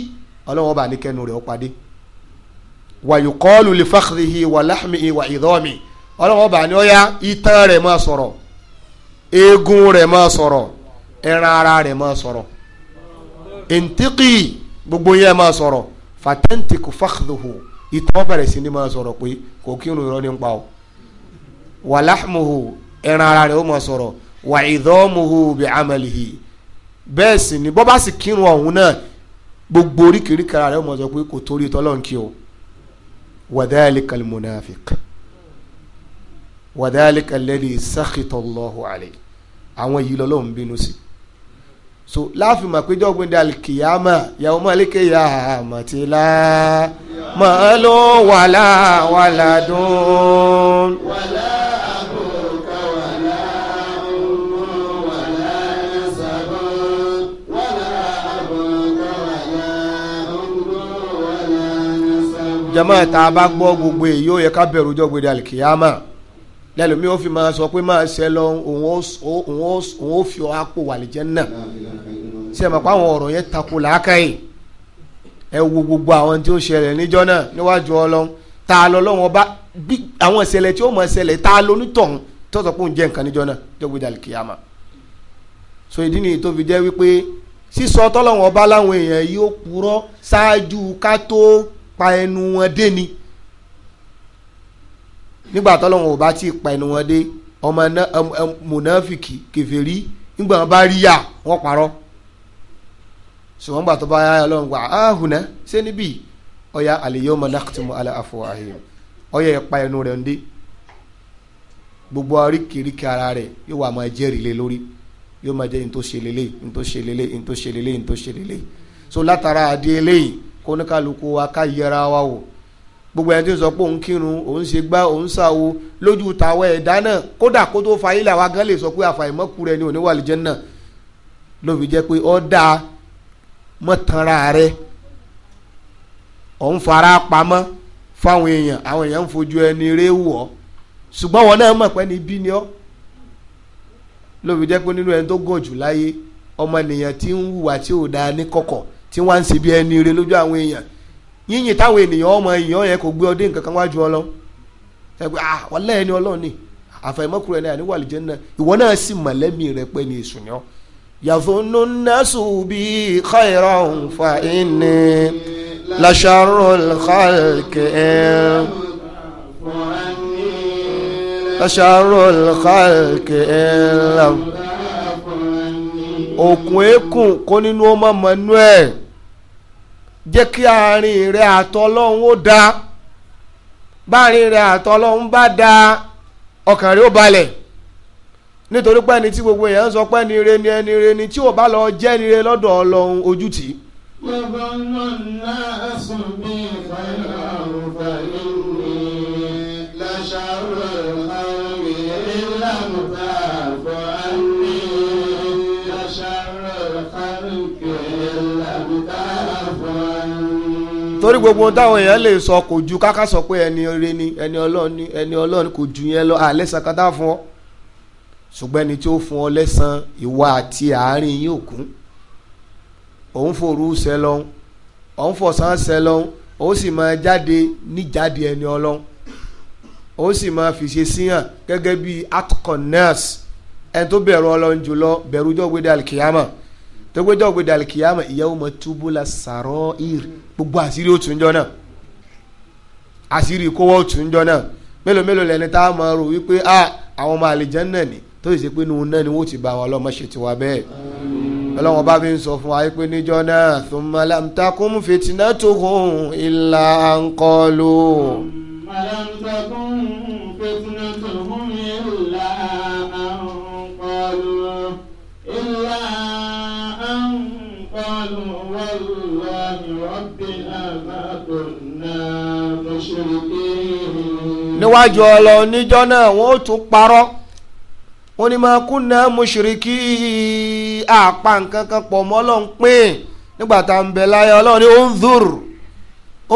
ọlọ́wọ́ bá nìkẹ́nu rẹ̀ ó padé wàyùkọ́lù lè fàkìrìhì wà láhùmìhì wà ìdọ́mì ọlọ́wọ́ bá ní ọ̀yá itan rẹ̀ máa sọ̀rọ̀ eegun rẹ̀ máa sọ̀rọ̀ ẹran ara rẹ̀ máa sọ̀rọ̀ gbogbo yẹn máa sọ̀rọ̀ fàtẹ́ntìkù fàkìrìhù ìtọ́ bẹ̀rẹ̀ sí ni máa sọ̀rọ̀ pé kò kírun irọ́ ní pa wàláhùmùhù ẹran ara rẹ̀ ó mọ̀ sọ̀rọ̀ wà ìdọ́mùhù bí amẹ̀lìhì bẹ́ẹ̀ sì ni bọ́ bá sì kírun ọ̀hún náà gbogbo oríkèéríkèé ara rẹ̀ ó mọ̀ sọ pé kò torí tọ́lọ́run kí o wàdáyàlíkàlì mùnàfík wàdáyàlíkàlì lẹ́dí sàkìtọ̀lọ́hù àlẹ́ àwọn yìí lọ́lọ́run bínú sí so láàfin mà pé jọ́gbìn yàwó màlíkè yàmà tí la wàlà wàlà dùn. wàlà. jama ta bá gbọ́ gbogbo èyí ó yẹ ká bẹ̀rù ọjọ́ gbèdé alikiyama lẹ́lòmí ó fi máa sọ pé máa ṣe lọ òun ó fi apò wàlìjẹ́ náà ṣe mọ̀ pé àwọn ọ̀rọ̀ yẹn tako làákàyè ẹ wo gbogbo àwọn tí ó ṣẹlẹ̀ níjọ́ náà níwájú ọlọ́run ta lọ lọ́wọ́n bá bí àwọn ìṣẹ̀lẹ̀ tí ó mọ̀ ṣẹlẹ̀ ta ló nítọ̀hún tọ́sọ̀ pé òun jẹ́ nǹkan níjọ́ náà jọ́gbé dàlùkìyàmà so ìdí nìyí tó fi jẹ́ wípé sísọ tọ́lọ́wọ́n bá láwọn èèyàn yóò purọ́ ṣáájú ká pa ẹnu wọn dé ni nígbà tọ́lọ́run ò bá ti pa ẹnu wọn dé ọmọ mùnáfìkì kèfèrí nígbà wọn bá rí yà wọ́n parọ́ ṣùgbọ́n gbà bá ọlọ́run gbà áhùnà ṣé níbí ọ̀yà ala ọ̀yà ẹ̀pa ẹnu rẹ̀ ń gbogbo oríkèéríkèé ara rẹ̀ yóò wà máa jẹ́rìí lé lórí yóò máa jẹ́ ní tó ṣe lélẹ̀ ní tó ṣe lélẹ̀ ní tó ṣe kóníkàlùkù wa ká yẹra wa wò gbogbo ẹni tí ń sọ pé òun kírun òun ṣe gbá òun ṣàwo lójú tàwọn ẹ̀dá náà kódà kó tó fa ilé àwa gan lè sọ pé àfàìmọ́kù rẹ ni òníwà lè jẹ́ náà ló fi jẹ́ pé ọ́ dáa mọ́tànra rẹ òun fara pamọ́ fáwọn èèyàn àwọn èèyàn ń fojú ẹni rẹ wọ̀ ṣùgbọ́n wọn náà mọ̀ pé ní bí ni ọ́ ló fi jẹ́ pé nínú ẹni tó gọ̀ láyé ọmọ ènìyàn tí ń hùwà tí ò dáa ní kọ̀kọ̀ tí wọ́n ń ṣe bí ẹni rẹ lójú àwọn èèyàn yíyìn táwọn ènìyàn ọmọ èèyàn yẹn kò gbé ọdún nǹkan kan wájú ọlọ ẹgbẹ ah wọlé ẹni Ọlọ́run ni àfàìmọkùnrin náà ní wàlìjẹ náà ìwọ náà sì mọ̀lẹ́mí rẹ pé ní èṣù yàn. yàfọ̀nù nẹ́sù bíi khairan fa inni lasharul khalqi lasharul khalqi lam. òkun eékún kó nínú ọmọ mọ́nú jẹ́ kí àárín rẹ̀ àtọlọ́hún ó dáa báàrin rẹ̀ àtọlọ́hún bá dáa ọkàn rẹ̀ ó balẹ̀ nítorí pẹ́ni tí gbogbo èèyàn ń sọ pẹ́ni tí ò bá lọ jẹ́ ẹni lọ́dọ̀ ojútì. lọ ìfẹ́ torí gbogbo táwọn èèyàn lè sọ kò ju káká sọ pé ẹni ore ni ẹni ọlọ́run ni ẹni ọlọ́run kò ju yẹn lọ àlẹ́sàn kan tá fún ọ ṣùgbọ́n ẹni tí ó fún ọ lẹ́sàn ìwà àti àárín yín òkun òun fòru ṣẹ lọ́hún òun fọ̀sán ṣẹ lọ́hún òun sì máa jáde níjáde ẹni ọlọ́hún òun sì máa fìṣe síyàn gẹ́gẹ́ bíi atconness ẹni tó bẹ̀rù ọlọ́run jùlọ bẹ̀rù jọ́gbẹ́dẹ́ alikiyama tọgbẹjọ gbẹdẹ alikiyama ìyàwó ma túbú la sàrọ ìr gbogbo àṣírí ó tún jọ náà àṣírí kówó ó tún jọ náà mélòó mélòó lẹni tá a máa rò wípé a àwọn ọmọ àlìjánná ni tó sì ṣe pé nu náà ni wọ́n ti bá wọn lọ́mọ ṣe tiwa bẹ́ẹ̀ ọlọ́wọ́n bá fi ń sọ fún wa pé níjọ́ náà thumma lam takum fitnatuhum illa an qalu. lam takum fitnatuhum قالوا والله ربنا ما كنا مشركين níwájú ọlọ níjọ́ náà wọn ó tún parọ́ máa kú náà mùṣìríkì àpá nǹkan kan pọ̀ mọ́ Ọlọ́run pín nígbà tá à ń bẹ láyé Ọlọ́run ní unzur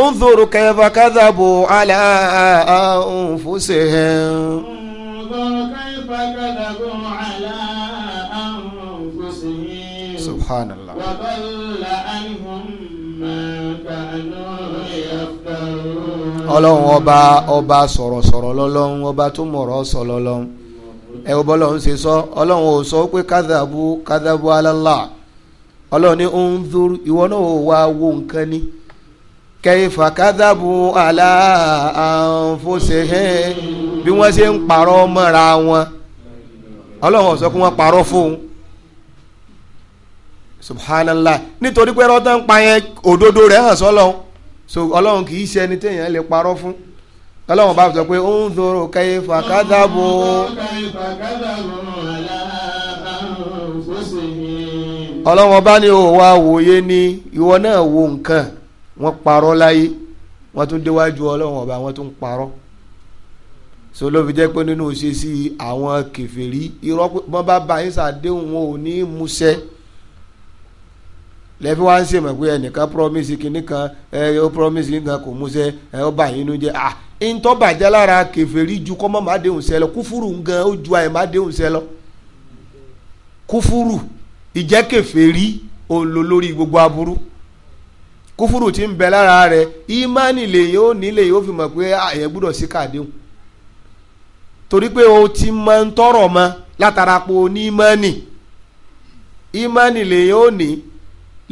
unzur kayfa kadhabu ala anfusihim. unzur kayfa kadhabu ala anfusihim. subhanallah. ọlọ́run ọba ọba sọ̀rọ̀sọ̀rọ̀ lọ́lọ́run ọba tó mọ̀rọ̀ sọ lọ́lọ́run ẹ wo sọ ọlọ́run ò sọ pé kádàbù kádàbù alálà ọlọ́run ní ń dúró ìwọ náà ò wo nǹkan ni kẹfà kádàbù alá bí wọ́n ṣe ń parọ́ mọ́ra wọn sọ wọ́n parọ́ subhanallah nítorí pé ẹ̀rọ ń pa yẹn òdodo rẹ̀ so ọlọ́run kì í ṣe ẹni téèyàn lè parọ́ fún ọlọ́run bá sọ pé òun dòrò kẹyẹ fàkádàbò. ọlọ́run bá ní òwò àwòye ni ìwọ náà wo nǹkan wọ́n parọ́ láyé wọ́n tún déwájú ọlọ́run ọba wọ́n tún parọ́ so ló fi jẹ́ pé nínú òṣèṣì àwọn kèfèrí irọ́ bọ́n bá bá yín sàdéhùn wọn ò ní í múṣẹ́. lẹ́fí wá ń ṣe mọ̀ pé ẹnìkan promise kìíní ẹ ó promise kìíní kan kò múṣẹ ẹ ó bà yín nú ntọ́ bàjẹ́ lára kẹfẹ́rí ju kọ́mọ́ má déhùn sẹ́ lọ kúfúrú gan ó ju àyè má déhùn sẹ́ lọ kúfúrú ìjẹ́ kẹfẹ́rí òǹlò lórí gbogbo aburú kúfúrú ti ń bẹ lára rẹ ìmánì lèyìn ó nílé yóò fi mọ̀ pé ah, àyẹ̀ gbúdọ̀ sí kàdéhùn torí pé o ti mọ ń tọrọ mọ látara pé o ní ìmánì ìmánì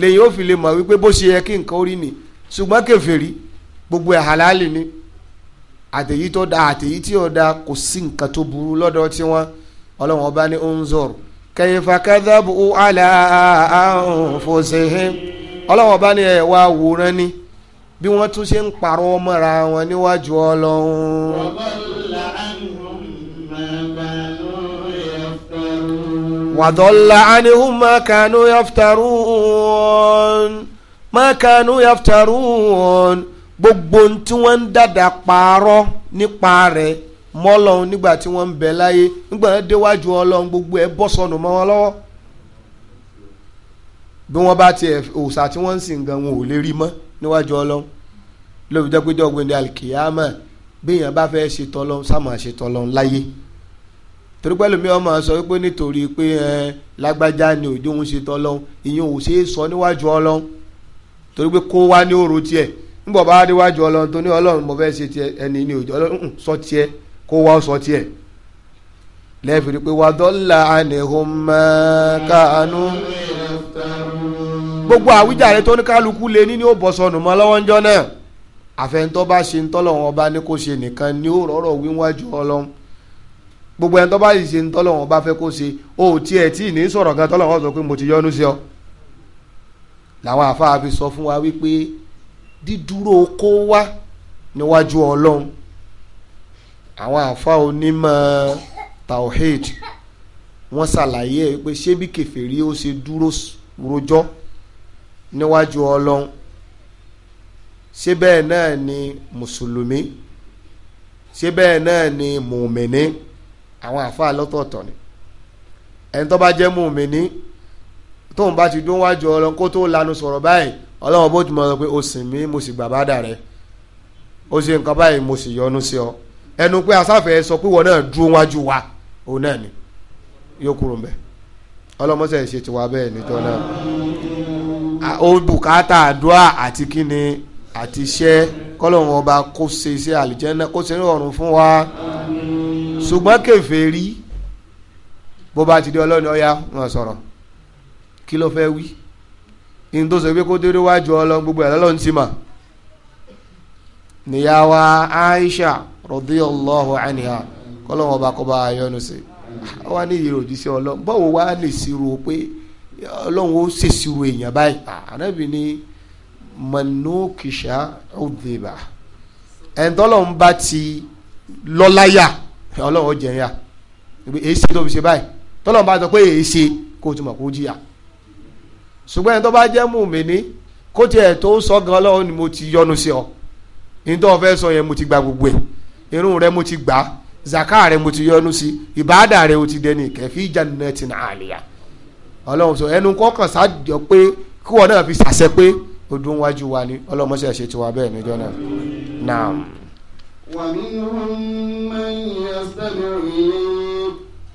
lẹ́yìn ó fi lè mọ̀ wípé bó ṣe yẹ kí nǹkan orí ni gbogbo ẹ̀ ni àtẹ̀yí tó da àtẹ̀yí tí da kò sí nǹkan tó burú lọ́dọ̀ tí wọ́n ọlọ́run ọba ní onzor kẹyìnfà kẹdàbù àlà àǹfọ̀sẹ̀hìn ọlọ́run ọba ní ẹ̀ wá wòran ni bí wọ́n tún ṣe ń parọ́ mọ́ra wọn níwájú وضل عنهم ما كانوا يفترون ما كانوا يفترون gbogbo tí wọn ń dàdà pààrọ̀ nípa rẹ̀ mọ́lọ́hún nígbà tí wọ́n ń bẹ láyé nígbà déwájú gbogbo ẹ̀ bọ́ sọnù mọ́ wọn lọ́wọ́ bí bá tí ń sìn gan wọn ò lè rí mọ́ níwájú ọlọ́hún lóbi pé jọ́gbìn ní alikiyama bí èèyàn bá fẹ́ ṣe torí ọmọ sọ pé nítorí pé ni òjò ń ṣe tọ́ lọ́hún ìyẹn ò ṣeé sọ níwájú ọlọ́hún torí pé kó wá ní ọ̀rọ̀ tiẹ̀ ńbọ̀ bá níwájú ọlọ́hún tó ní ọlọ́run mo fẹ́ ṣe tiẹ̀ ẹni ní òjò ọlọ́run sọ gbogbo àwíjàre tó ní kálukú lé ní ní ó bọ̀ sọnù mọ́ lọ́wọ́ ńjọ́ náà bá ọba ní ṣe nìkan ó gbogbo ẹni tó bá yìí ṣe ń tọ́lọ́wọ́n bá fẹ́ kó ṣe o ò tiẹ̀ tí ì ní sọ̀rọ̀ gan tọ́lọ́wọ́n sọ pé mo ti yọnu sí ọ. làwọn àfáà fi sọ fún wa wípé dídúró kó wá níwájú ọlọ́run àwọn àfáà onímọ̀ tawhid wọ́n ṣàlàyé ẹ̀ pé ṣé bí kèfèrí ó ṣe dúró rojọ́ níwájú ọlọ́run ṣé bẹ́ẹ̀ náà ni mùsùlùmí ṣé bẹ́ẹ̀ náà ni mùmìnì àwọn àfa lọ́tọ̀ọ̀tọ̀ ni ẹni tó bá jẹ́ mùmíní tóun bá ti dún wájú ọlọ́run kó tó lanu sọ̀rọ̀ báyìí ọlọ́run bó jùmọ̀ sọ pé o sìn mí mo sì gbà bá dà rẹ o ṣe nǹkan báyìí mo sì yọnu sí ọ ẹnu pé asáfẹ́ sọ pé wọn náà dúró wájú wa òun náà ni yóò kúrò mbẹ ọlọ́mọṣẹ́ ṣe tiwa bẹ́ẹ̀ níjọ náà ó bùkátà àdúrà àti kíni àti iṣẹ́ kọ́lọ́run ọba kó ṣe iṣẹ́ àlùjẹ́ náà kó ṣe ní ọ̀run fún wa. Amen ṣùgbọ́n kèfèrí bó bá ti di ọlọ́ni ọ̀ya wọn sọ̀rọ̀ kí ló fẹ́ wí ní tó sọ pé kó dédé wájú ọlọ́run gbogbo ẹ̀ lọ́lọ́run ti mà níyàwó Aisha radiyallahu anha kọ́lọ́wọ́n ọba kọ́ba ayọ́nu sí wá ní ìrò òjíṣẹ́ ọlọ́run báwo wá lè ṣírò pé ọlọ́run ó ṣèṣirò èèyàn báyìí ànábì ni manókìṣà ọ̀dẹ̀bà ẹ̀ńtọ́lọ́run bá ti lọ́láyà ọlọ́run ó jẹ̀yà èsì tó fi ṣe báyìí tọ́lọ́run bá sọ pé èsì kó o mọ̀ kó jìyà ṣùgbọ́n ẹni ni mo ti ọ ní tó o fẹ́ sọ yẹn mo ti gba gbogbo ẹ̀ irun rẹ mo ti gbà zaka rẹ mo ti yọ́nú sí ìbáàdà rẹ o ti dẹni kẹfí àlìyà sọ ẹnu kọ́kàn sájọ pé kí wọn náà fi ṣàṣẹ pé odun wájú wa ni ọlọ́mọṣẹ́ ṣe bẹ́ẹ̀ níjọ́ ومنهم من يستمع إليك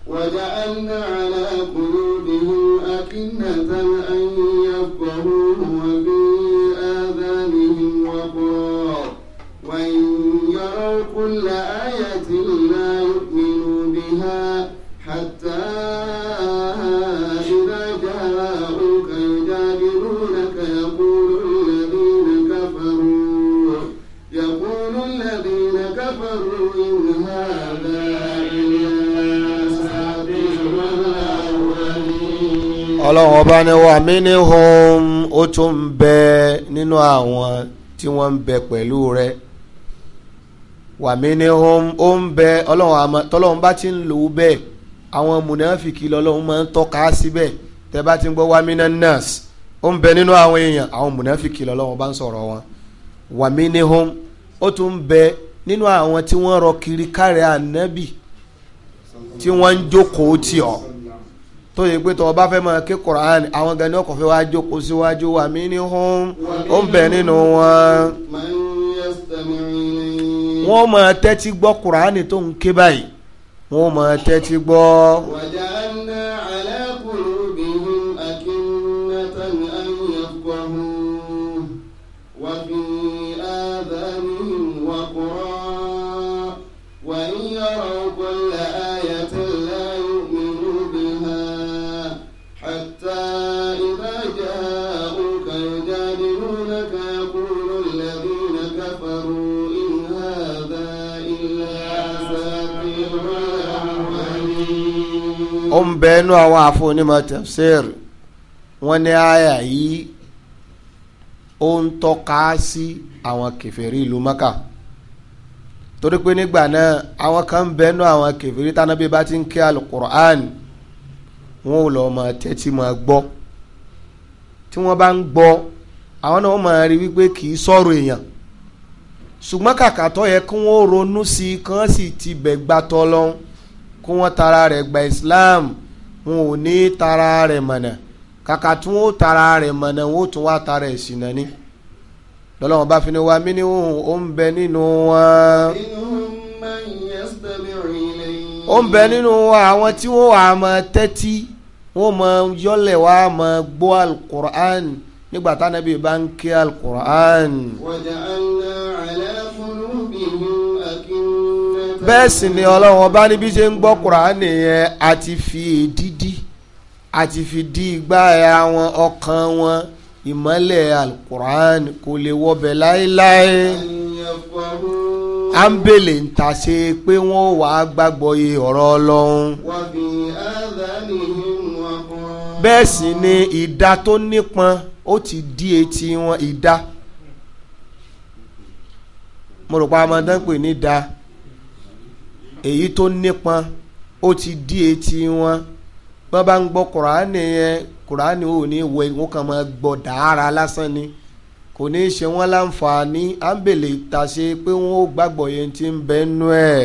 وجعلنا على قلوبهم أكنة أن يفقهوه وفي آذانهم وقار وإن يروا كل آية لا يؤمنوا بها حتى ọlọ́run ọba ni wà mí ní hum ó tún ń bẹ nínú àwọn tí wọ́n bẹ pẹ̀lú rẹ wà mí ní hum ó ń bẹ bá ti ń lò ó bẹ́ẹ̀ àwọn lọ́lọ́run máa ń tọ́ka síbẹ̀ tẹ́ ti ń gbọ́ nurse ó ń bẹ nínú àwọn èèyàn àwọn mùnàfìkì lọ́lọ́run bá ń sọ̀rọ̀ wọn wà mí ní ó tún ń bẹ nínú àwọn tí wọ́n rọ kiri kárẹ̀ ànábì tí wọ́n ń tó yẹ pé tó o bá fẹ́ máa ké àwọn ọkọ̀ fẹ́ wá síwájú wa mí ní ó ń nínú wọn. wọ́n máa tẹ́tí gbọ́ Quran tó ń ké báyìí wọ́n máa tẹ́tí gbọ́. ó ń bẹ inú àwọn àfọnímọ̀ tafsir wọ́n ní àyà yìí ó ń tọ́ka sí àwọn kèfèrí ìlú Mẹ́kà torí pé nígbà náà àwọn kan ń bẹ inú àwọn kèfèrí tánábí bá ti ń kí alukur'an wọn ò lọ mọ tẹ́tí máa gbọ́ tí wọ́n bá ń gbọ́ àwọn náà wọ́n máa rí wípé kì í sọ̀rọ̀ èèyàn ṣùgbọ́n kàkà yẹ kí wọ́n ronú sí i kí wọ́n sì ti bẹ̀ gbàtọ́ lọ́hùn kí wọ́n tara rẹ̀ gba islam wọn ò ní tara rẹ̀ mọ̀nà kàkà tí wọ́n tara rẹ̀ mọ̀nà wọ́n tún wá tara ẹ̀ sí nàní lọ́lọ́wọ́n bá fi ni wá mí ní òun ó ń bẹ nínú wọn. ó ń bẹ nínú wọn àwọn tí wọ́n wà á mọ tẹ́tí wọ́n mọ yọlẹ̀ wá mọ gbọ́ alukur'an nígbà táwọn ẹbí bá ń ké alukur'an. wọ́n jẹ́ àná. bẹ́ẹ̀ sì ni ọlọ́run ọba níbi ṣe ń gbọ́ kuraani yẹn àti fi èdídí àti fi dí igbá ẹ̀ra wọn ọkàn wọn ìmọ̀lẹ̀ alukuraan kò lè wọbẹ̀ láéláé à ń bèlè ń ta ṣe pé wọ́n wàá gbàgbọ́ iye ọ̀rọ̀ ọlọ́run. bẹ́ẹ̀ sì ni ìdá tó nípọn ó ti dí etí wọn ìdá mo rò pa amọ̀dán pè ní ìdá èyí tó nípọn ó ti dí etí wọn bọ́n bá ń gbọ́ kùránì yẹn kùránì ò ní wọ ìwọ̀n kan máa gbọ́ dàára lásán ni kò ní í ṣe wọ́n láǹfààní à ń bèlè ta ṣe pé wọ́n ó gbàgbọ́ yẹn ti ń bẹ́ nú ẹ̀.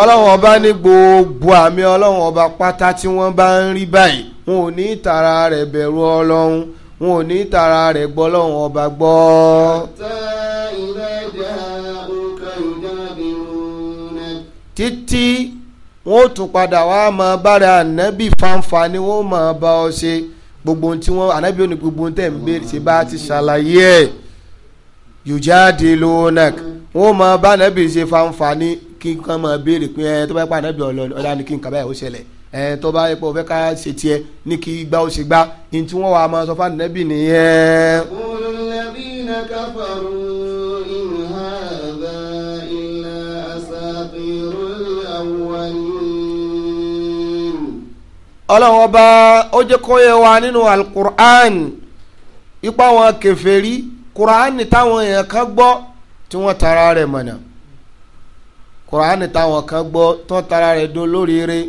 ọlọ́run ọba ní gbogbo àmì ọlọ́run ọba pátá tí wọ́n bá ń rí báyìí wọn ò ní tara rẹ̀ bẹ̀rù ọlọ́run wọn ò ní tara rẹ̀ gbọ́ lọ́hùn ọba gbọ́. títí wọn ò tún padà wá mọ bára ànábì fanfa ni wọn ò mọ bá ọ ṣe gbogbo tí wọn ànábì òní gbogbo tẹ̀ ń béèrè ṣe bá ti ṣàlàyé ẹ̀ yòjáde lónàk wọn ò mọ bá ànábì ṣe fanfa ni kí n kàn mọ béèrè pé ẹ tó bá pa ànábì ọlọ́ọ̀ni ọ̀dà ni kí n báyìí ó ṣẹlẹ̀ ẹ tó bá yẹ pé o fẹ́ ká ṣe tiẹ̀ ní kí gbá o ṣe gbá ní tí wọ́n wà máa sọ fún ànábì nìyẹn. olùlẹ́bìnà káfàrú ó jẹ́ kó yé wa nínú alukur'an ipa wọn kèfèrí kur'an táwọn èèyàn kan gbọ́ tí wọ́n tara rẹ̀ mọ̀nà kur'an táwọn kan gbọ́ tí tara rẹ̀ dún lóríire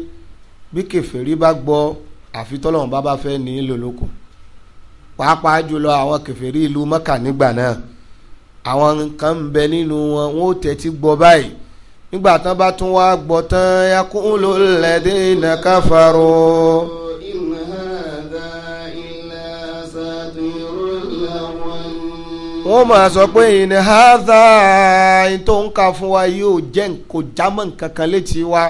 bí kèfèrí bá gbọ́ àfi tọ́lọ́run bá bá fẹ́ ní í lò lóko pàápàá jùlọ àwọn kèfèrí ìlú mọ́kà nígbà náà àwọn nǹkan ń bẹ nínú wọn wọn ò tẹ́tí gbọ́ báyìí nígbà tán bá tún wá gbọ́ tán yakulu alladhina kafaru. in hadha wọ́n máa sọ pé in hadha fún wa yóò jẹ́ kò jámọ́ nǹkan kan létí wa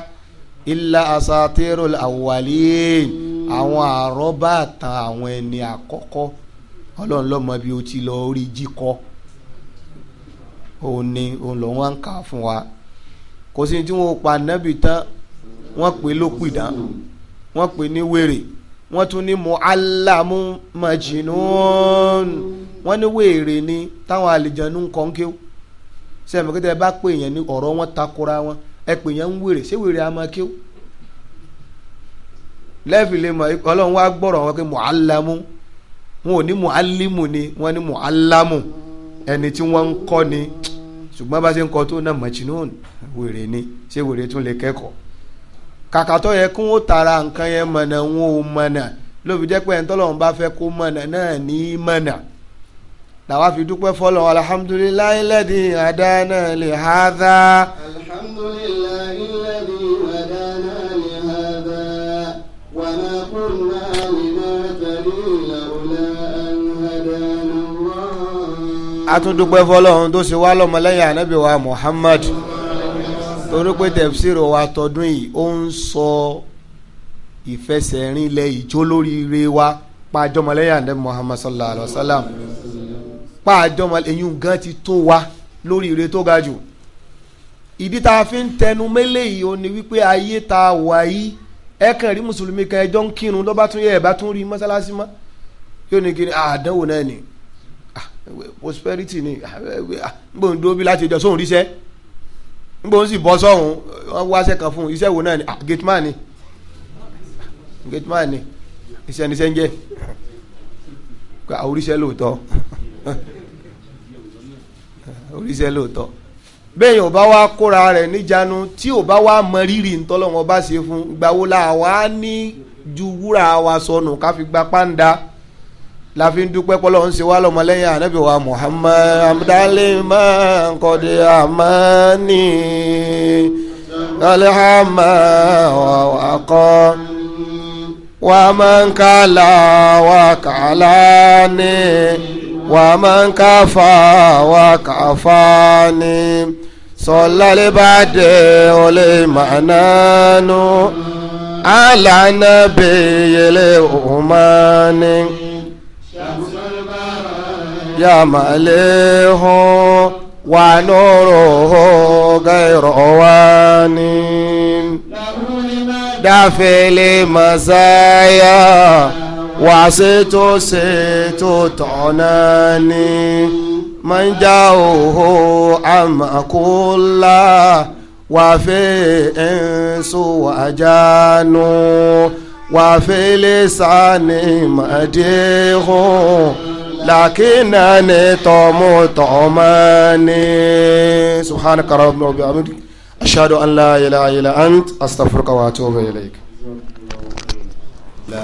ilà asatiru awwalin àwọn àrọ́bà tán àwọn ẹni àkọ́kọ́ ọlọ́run lọ́mọ bí o ti lọ orí jíkọ òun ni òun ló wá ń kà fún wa kò sí tí wọn pa nábì tán wọ́n pè lópìdán wọ́n pè ní wèrè wọ́n tún ní muallamu majnun wọ́n ní wèrè ni táwọn àlejò ń kọ́ ń kéw sẹ́mi kí tẹ́ bá pè yẹn ní ọ̀rọ̀ wọn takora wọn ẹ pè yẹn ń wèrè ṣé wèrè àmọ́ kí ó lẹ́ẹ̀fì lè mọ̀ ọlọ́run wá gbọ́rọ̀ wọn pé mọ̀álámù wọn ò ní mọ̀álímù ni wọ́n ní mọ̀álámù ẹni tí wọ́n ń kọ́ ni ṣùgbọ́n bá ṣe ń kọ́ tó náà mọ̀chínún wèrè ni ṣé wèrè tún lè kẹ́kọ̀ọ́ kàkàtọ́ yẹ kí wọ́n tara nǹkan yẹn mọ̀nà wọn ò mọ̀nà lóbi jẹ́ pé ẹ̀ńtọ́lọ́run bá fẹ́ kó mọ̀nà náà ní mọ̀nà làwa fi dúpẹ́ fọlọ́ alhamdulilayi lẹ́dí àdáná lè hádá الحمد لله الذي هدانا لهذا وما قلنا كنا لنهتدي لولا أن هدانا الله atúndúpẹ́ فلهم دوسي ṣe ملايا lọ́mọlẹ́yìn ànábì wa Muhammad torí pé tẹ̀fsírò wa tọdún yìí ó ń sọ ìfẹsẹ̀rinlẹ̀ ìjó lóríire wa pàjọmọlẹ́yìn ànábì Muhammad sallallahu alayhi wa sallam pàjọmọlẹ́yìn gan ti tó wa lóríire tó ga jù ìdí tá a fi ń tẹnu mẹ́lẹ̀ yìí ó ní wípé ayé tá a wà yìí ẹ kàn rí mùsùlùmí kan ẹjọ́ ń kírun lọ́ba tún yẹ ẹ̀ tún rí mọ́sálásí mọ́ yóò ní kí ni ah, àdánwò náà ni ah, prosperity ni ah, ngbọ̀n dúró bí láti ìjọ sóhun ríṣẹ́ ngbọ̀n sì bọ́ sọ́hun wọ́n wáṣẹ́ kan fún un iṣẹ́ wo náà ni gateman ni gateman ni iṣẹ́ ni iṣẹ́ ń jẹ́ oríṣẹ́ lóòótọ́ oríṣẹ́ lóòótọ́ bẹ́ẹ̀ ò bá wá kóra rẹ̀ níjànú tí ò bá wá mọ rírì ntọ́lọ́wọ́n bá ṣe fún gbàwó la wá ní ju wúrà wa sọnù ká fi gba pàǹdà la fi ń dúpẹ́ pọ́lọ́ ń ṣe wá lọ́mọlẹ́yìn anabi wa muhammad amdalima nkọ́dé amani alihama wakọ́ wàmẹ́nkàlà wàkàlà ni. ومن كفى وكفاني صلى لبعده ولمعنان على النبي الأمان يا مليه ونوره غير واني دافي لمزايا wà ṣe tó ṣe tó tọ̀nà ni máa ń já òhò àmàkúlá wà fẹ́ ẹ̀ńsọ àjánu wà fẹ́ lẹ́sàn-án màdéhùn làkínà ni tọmọ tọmọ ni subhanaka rabbil alamin ashhadu an la ilaha illa ant astaghfiruka wa atubu ilayk. لا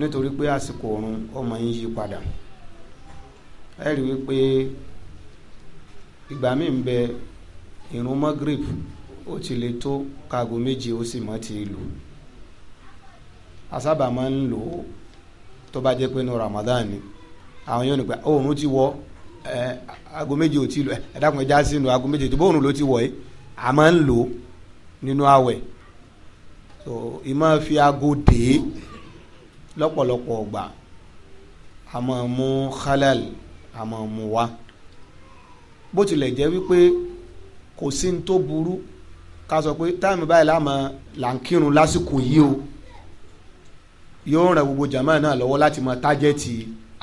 nítorí pé àsìkò oorun ọmọ yín yí padà ẹ rí wípé ìgbà míì ń bẹ ìrun magrib ó ti lè tó kaago méje ó sì mọ́ ti lò asábà máa ń lò ó tó Ramadan ni àwọn yóò ní ti wọ̀ ẹ aago méje ò ti lò ẹ dákun ẹ já aago méje tó ló ti wọ̀ ẹ a máa ń lò ó nínú so ìmọ̀ fi aago dè é. lọ́pọ̀lọpọ̀ ọgbà a máa mú halal a máa mú wá bó tilẹ̀ jẹ́ wípé kò sí ní tó burú ká sọ pé táìmù báyìí láàmú là ń kírun lásìkò yìí o yóò ràn gbogbo jàmáà náà lọ́wọ́ láti mọ tájẹ́tì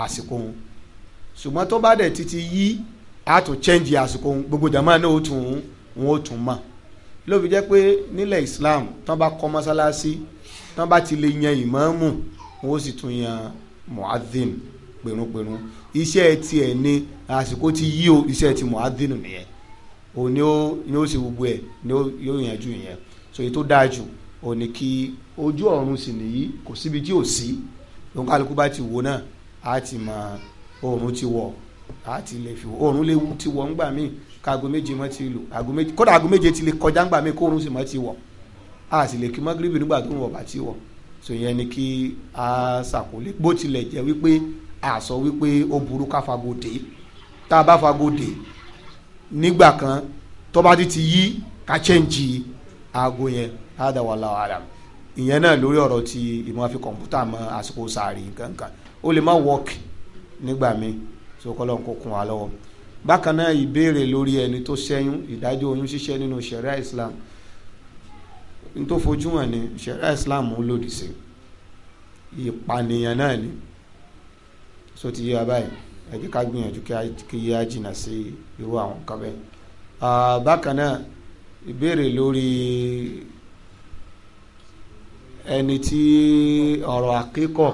àsìkò òun ṣùgbọ́n tó bá dẹ̀ títí yí a chẹ́ǹjì àsìkò òun gbogbo jàmáà náà ó tún wọn ó tún mọ̀ ló fi jẹ́ pé nílẹ̀ Islam tán bá kọ́ mọ́sálásí tán bá ti lè yan ìmáàmù wọn ó sì tún yan muadhin pẹ̀rùnpẹ̀rùn iṣẹ́ tiẹ̀ ni àsìkò ti yí o iṣẹ́ ti muadhin nìyẹn o ní ó ní ó sì gbogbo ẹ̀ ní ó yóò yanjú yẹn so èyí tó dáa jù o ní kí ojú ọ̀run sì nìyí kò síbi tí ò sí lóun kálukú bá ti wò náà á ti mọ oòrùn ti wọ̀ á ti lè fi oòrùn lè ti wọ̀ ńgbà míì kágo méje mọ́ ti lò aago méje kódà aago méje ti lè kọjá ńgbà míì kóòrùn sì mọ́ ti wọ̀ á sì lè kí mọ́gíríbì nígbà tó ń wọ̀ bá ti wọ̀ so yẹn ni kí a ṣàkólé bó tilẹ̀ jẹ́ wípé a sọ wípé ó burú ká fagòdè tá a bá fagòdè nígbà kan tó bá ti ti yí ká chẹ́ǹjì aago yẹn hádà wàhálà ìyẹn náà lórí ọ̀rọ̀ ti ìmọ̀ àfi kọ̀ǹpútà mọ àsìkò sàárì nǹkankan ó lè má wọ́ọ̀kì nígbà míì so kọ́lọ́n kó kún wa lọ́wọ́ bákan náà ìbéèrè lórí ẹni tó ṣẹ́yún ìdájọ́ oyún ṣíṣẹ́ nínú ṣẹ̀ríà Islam n tó fojú hàn ní ṣẹ̀ríà islam lòdì sí ìpànìyàn náà ni so ti yé abáyé ẹ jẹ́ ká gbìyànjú kí yé á jìnnà sí irú àwọn kan bẹ́ẹ̀ bákan náà ìbéèrè lórí ẹni tí ọ̀rọ̀ àkíkọ̀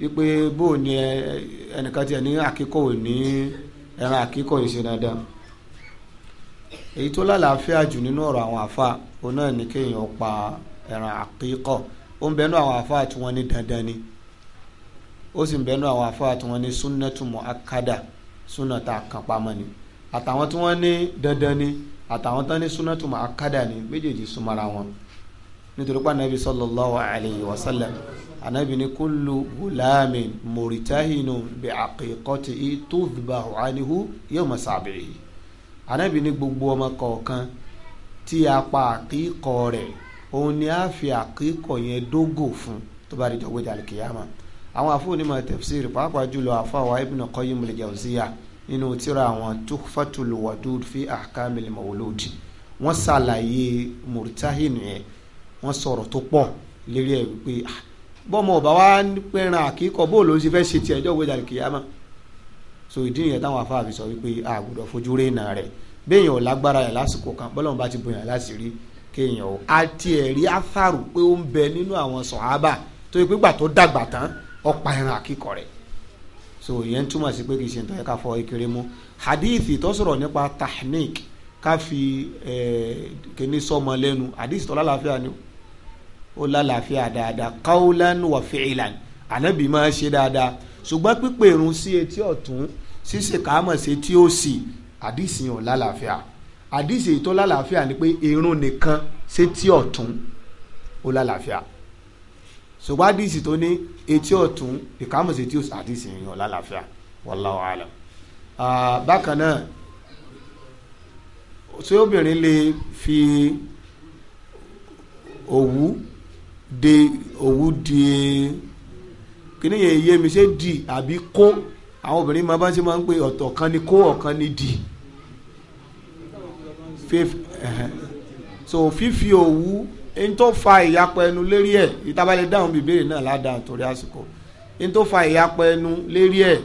wípé bóò ni ẹnìkan tí ẹni àkíkọ̀ ní ẹran àkíkọ̀ yìí ṣe dáadáa èyí tó lálàáfíà jù nínú ọ̀rọ̀ àwọn àfa òun náà ní kéèyàn pa ẹran àkíkọ̀ ó ń bẹnu àwọn àfa tí wọ́n ní dandan ni ó sì ń bẹnu àwọn àfa tí wọ́n ní sunnatu muakkada sunnata kan pamọ́ ni àtàwọn tí wọ́n ní dandan ni àtàwọn tán ní sunnatu muakkada ni méjèèjì súnmọ́ra wọn nítorí pé anabi sallallahu alayhi wa anabi ni kullu gulaamin muritahinu bi aqiqatihi tudbahu anhu yawma sabihi anábì ní gbogbo ọmọ kọ̀ọ̀kan tí a pa àkíkọ rẹ̀ òun ni a fi àkíkọ yẹn dógò fún tó bá di jọ gbéjà lè kíyàmá àwọn àfọwọ́nìmọ̀ tafsir pàápàá jùlọ àfọwọ́ Ibn Qayyim al-Jawziyya nínú tírà àwọn Tuhfatul Wadud fi Ahkamil Mawlud wọ́n ṣàlàyé murtahin yẹn wọ́n sọ̀rọ̀ tó pọ̀ lérí ẹ̀ wípé ah, bọ́mọ ọba wa pẹ́ran àkíkọ bóòlù ó sì fẹ́ ṣe tiẹ̀ jọ́ gbéjà lè so ìdí nìyẹn táwọn afáàfin sọ wípé a gbọ́dọ̀ fojú rénà rẹ̀ béèyàn ò lágbára rẹ̀ lásìkò kan bọ́lọ́run bá ti bòyàn láti rí kéèyàn o a tiẹ̀ rí afárò pé ó ń bẹ nínú àwọn sọ̀hábà tó yẹ pé gbà tó dàgbà tán ọ̀pá ẹran àkíkọ rẹ̀ so ìyẹn túmọ̀ sí pé kì í ṣe nítorí ká fọ ekele mú hadithi tó sọ̀rọ̀ nípa tahnik ká fi kíní sọmọ lẹ́nu hadithi tó lálàáfíà ni ó lálàáfíà dáadáa kaulan wa fi'lan ànábì máa ṣe dáadáa ṣùgbọ́n pípèrún sí etí ọ̀tún ṣíṣe kàámọ̀ ṣe tí ó sì àdìsí ò lálàáfíà àdìsí tó lálàáfíà ni pé irun nìkan ṣe tí ọ̀tún ó lálàáfíà ṣùgbọ́n àdìsí tó ní etí ọ̀tún ìkàámọ̀ ṣe tí ó sì àdìsí ò lálàáfíà wallahu alam. bákan náà ṣé obìnrin lè fi òwú de òwú di kíni yẹn yé mi ṣe di àbí kó àwọn obìnrin máa bá ṣe máa ń pè ọ̀tọ̀ kan ni kó ọ̀kan ni dì so fífi òwú n tó fa ìyapa ẹnu lérí ẹ̀ ìtabalẹ̀ dáhùn bìbéèrè náà ládàá torí àsìkò n tó fa ìyapa ẹnu lérí ẹ̀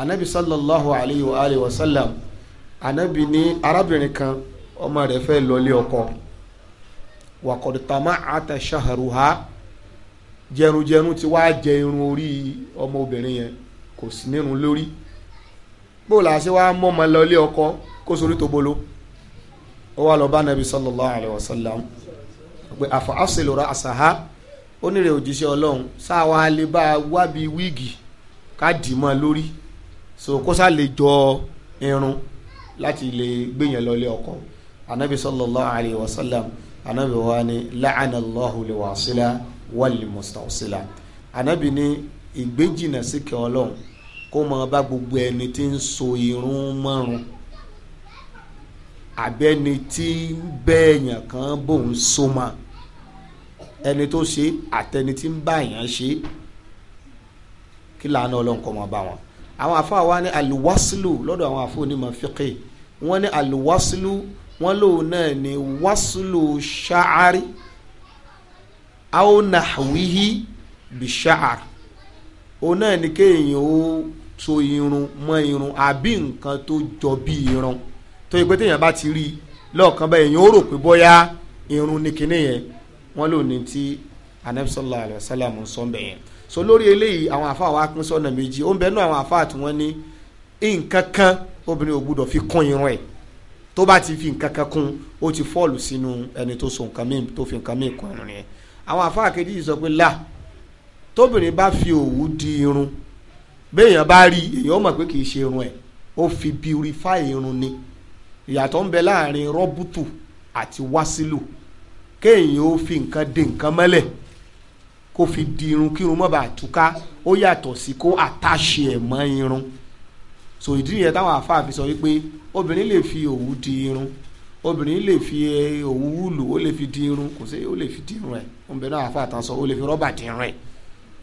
anabi sallallahu alayhi wa alayhi wa sallam anabi ní arábìnrin kan ọmọ rẹ̀ fẹ́ lọlé ọkọ wàkọ̀dùtàmá àtàṣàhàrùhà jẹrunjẹrun ti wá jẹ irun orí ọmọbìnrin yẹn kò sí nírun lórí bó la ṣe wá mọ́mọ lọ ilé ọkọ kó sorí tó bolo ó wá lọ bá nàbí sallallahu alayhi wa sallam pé àfọ àṣelòrò àṣàhá onírè òjíṣẹ́ ọlọ́run sáwa lè bá wábi wíìgì ká dì mọ́ lórí so lè jọ irun láti lè gbìyàn lọ ilé ọkọ anabi sallallahu alayhi wa anabi wa ni la'ana allahu liwasila wali mustawsila anabi ni ìgbéjìnà síkẹ ọlọ́run kó máa bá gbogbo ẹni tí ń so irun márùn àbẹ́ni tí ń bẹ́ẹ̀yàn kan bòun so mọ́ ẹni tó ṣe àtẹni tí ń bá èèyàn ṣe kí làánà ọlọ́run kọ́ máa bá wọn àwọn àfáà wa ní aliwasilu lọ́dọ̀ àwọn àfáà onímọ̀ fíkì wọ́n ní aliwasilu wọ́n lòun náà ní wasilu ṣáárì aw nahwihi bi ṣáárì òun náà ní kéèyàn ó so irun mọ́ irun àbí nǹkan tó jọ bí irun tó yẹ pé téèyàn bá ti rí i lọ́ọ̀kan báyìí èèyàn ó rò pé bóyá irun ni kinní yẹn wọ́n lò ní ti anabi sallallahu sọ́nbẹ̀ yẹn so lórí eléyìí àwọn àfa wa pín sọ́nà méjì ó ń bẹ́ẹ̀ nú àwọn àfa tí wọ́n ní nǹkan kan obìnrin ò gbúdọ̀ fi kún irun ẹ̀ tó bá ti fi nǹkan kan kún ó ti fọ́ọ̀lù sínú ẹni tó so nǹkan míì tó fi nǹkan míì kún irun yẹn àwọn àfa kejì sọ pé là tóbìnrin bá fi òwú di irun béèyàn bá rí èèyàn mọ̀ pé kì í ṣe irun ẹ̀ ó fi purify irun ni ìyàtọ̀ ń bẹ láàrin rọ́bùtù àti wásílù kéèyàn ó fi nǹkan de nǹkan mọ́lẹ̀ kó fi di irun kírun mọ́ bá túká ó yàtọ̀ sí kó àtàṣe ẹ̀ mọ́ irun so ìdí nìyẹn táwọn àáfàá fi sọ wípé obìnrin lè fi òwú di irun obìnrin lè fi eh, òwú wúlò ó lè fi di irun kò sí ó lè fi di irun ẹ̀ òun bẹ̀rẹ̀ àáfàá tán sọ ó lè fi rọ́bà di irun ẹ̀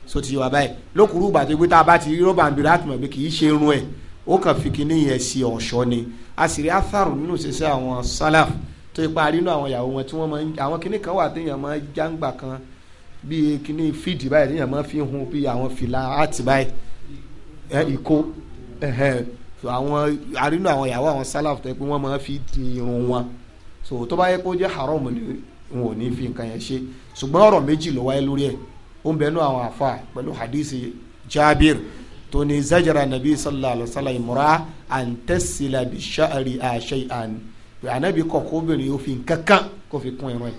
so ti wà báyìí lókùrú ìgbà tó gbé tá a bá ti rí rọ́bà nbìrì àtùmọ̀ pé kì í ṣe irun ẹ̀ ó kàn fi kíní yẹn sí ọ̀ṣọ́ ni a sì rí atharu nínú ṣẹṣẹ àwọn salaf tó ipa rínú àwọn ìyàwó wọn tí wọ́n máa ń àwọn kíní kan wà téèyàn máa jáǹgbà kan bíi kíní fídì báyìí téèyàn máa fi hun bíi àwọn fìlà àti báyìí ẹ ìkó àwọn arínú àwọn ìyàwó àwọn salaf tó yẹ pé wọ́n máa fi di irun wọn so tó bá yẹ kó jẹ́ haram ni wọn ò ní fi nǹkan yẹn ṣe ṣùgbọ́n ọ̀rọ̀ méjì ló wáyé lórí ẹ̀ ó ń bẹnu àwọn afa pẹ̀lú hadisi Jabir tó ní zajara nabi sallallahu alayhi wa sallam imura an tasila bi sha'ari shay'an pé anabi kọ̀ kó obìnrin yóò fi nǹkan kó fi kún irun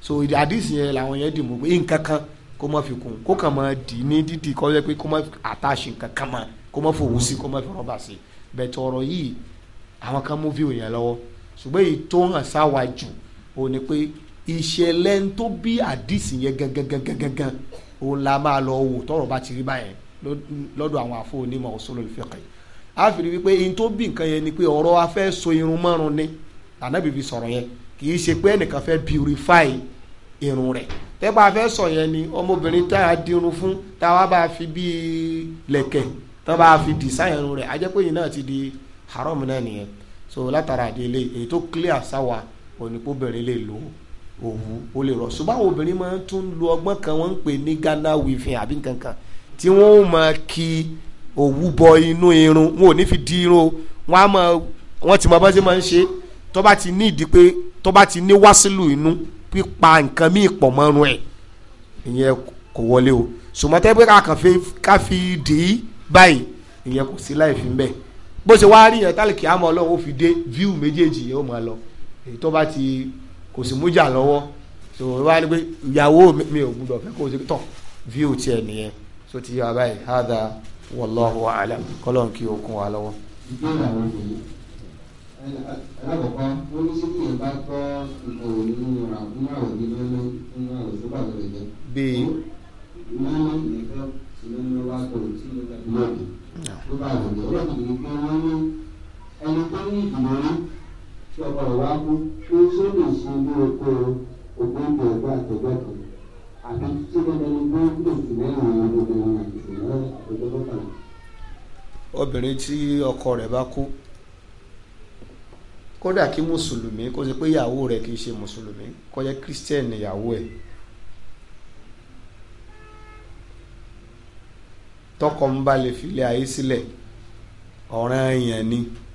so hadisi yẹn làwọn yẹn dì mú pé nǹkan kan kó má fi kún kó kàn máa dì ní dídì kọ́ yẹ pé kó má àtàṣe nǹkan kan máa kó má fòwú sí kó má fi rọ́bà sí bẹ̀tẹ̀ ọ̀rọ̀ yìí àwọn kan mú fíìmù lọ́wọ́ ṣùgbọ́n èyí tó hàn sáwájú òun ni pé ìṣẹ̀lẹ̀ tó bí àdìsí yẹn gangan òun la máa lọ wò tọ́rọ̀ bá ti rí báyẹn lọ́dọ̀ àwọn àfọ onímọ̀ usulul fiqh a fìrí wípé in tó bí nǹkan yẹn ni pé ọ̀rọ̀ a fẹ́ so irun márùn ni ànábì fi sọ̀rọ̀ yẹn kì í ṣe pé ẹnìkan fẹ́ purify irun rẹ̀ tẹ́gbà a fẹ́ sọ yẹn ni ọmọbìnrin tá a dirun fún tá a wá bá a fi bíi lẹ̀kẹ̀ tá a bá a fi design irun rẹ̀ a jẹ́ pé yìí náà ti di haram náà nìyẹn so látara àdé ilé èyí tó clear sáwa òní kó bẹ̀rẹ̀ lè lò ó òwú ó lè rọ̀ ṣùgbọ́n àwọn obìnrin máa ń tún lo ọgbọ́n kan wọ́n ń pè ní Ghana weaving àbí nǹkan tí wọ́n ó máa ki òwú bọ inú irun wọn ò ní fi di irun o wọ́n á máa wọ́n ti mọ bá ṣe máa ń ṣe tó bá ti ní ìdí pé tó bá ti ní wásílù inú pípa nǹkan míì pọ̀ mọ́run ẹ̀ ìyẹn kò wọlé o ṣùgbọ́n tẹ́ pé ká fi dì í báyìí ìyẹn kò sí láì fi ń bẹ́ẹ̀ bó ṣe wá rí yẹn tálíkì àmọ́ ọlọ́run ó fi dé fíù méjèèjì yẹn ó máa lọ èyí tó bá ti kò sì mújà lọ́wọ́ so wá ní pé ìyàwó mi ò gbúdọ̀ fẹ́ kó o ti tọ̀ view tiẹ̀ nìyẹn so ti yọ abáyé hádà wallahu alam kọ́lọ́n kí o kún wa lọ́wọ́. alákọ̀ọ́kọ́ wọ́n ní sókè yẹn bá tọ́ ìkòrò nínú àwòrán nínú àwòrán tó bá lọ́rọ̀ jẹ́. bíi. wọ́n ní nìkan ṣùgbọ́n ní wàá kọ̀rọ̀ tí mo tó bá lọ́rọ̀ jẹ́. ọlọ́run ní pé wọ́n ní ẹni tó ní ìdùnnú ṣọba ìwájú kí ṣé lè ṣe ilé oko ògbóǹde ẹgbẹ́ àtẹ̀gbẹ́ kan àbí ṣé dandan ni pé kí èsì mẹ́rin obìnrin àti ìṣẹ̀lẹ̀ ọjọ́ mọ́kànlá. obìnrin tí ọkọ rẹ̀ bá kú kódà kí mùsùlùmí kó ṣe pé ìyàwó rẹ̀ kì í ṣe mùsùlùmí kó jẹ́ kírísítẹ́nì ìyàwó ẹ̀ tọkọ ń bá lè fi ilé ayé sílẹ̀ ọ̀ràn èèyàn ni. Si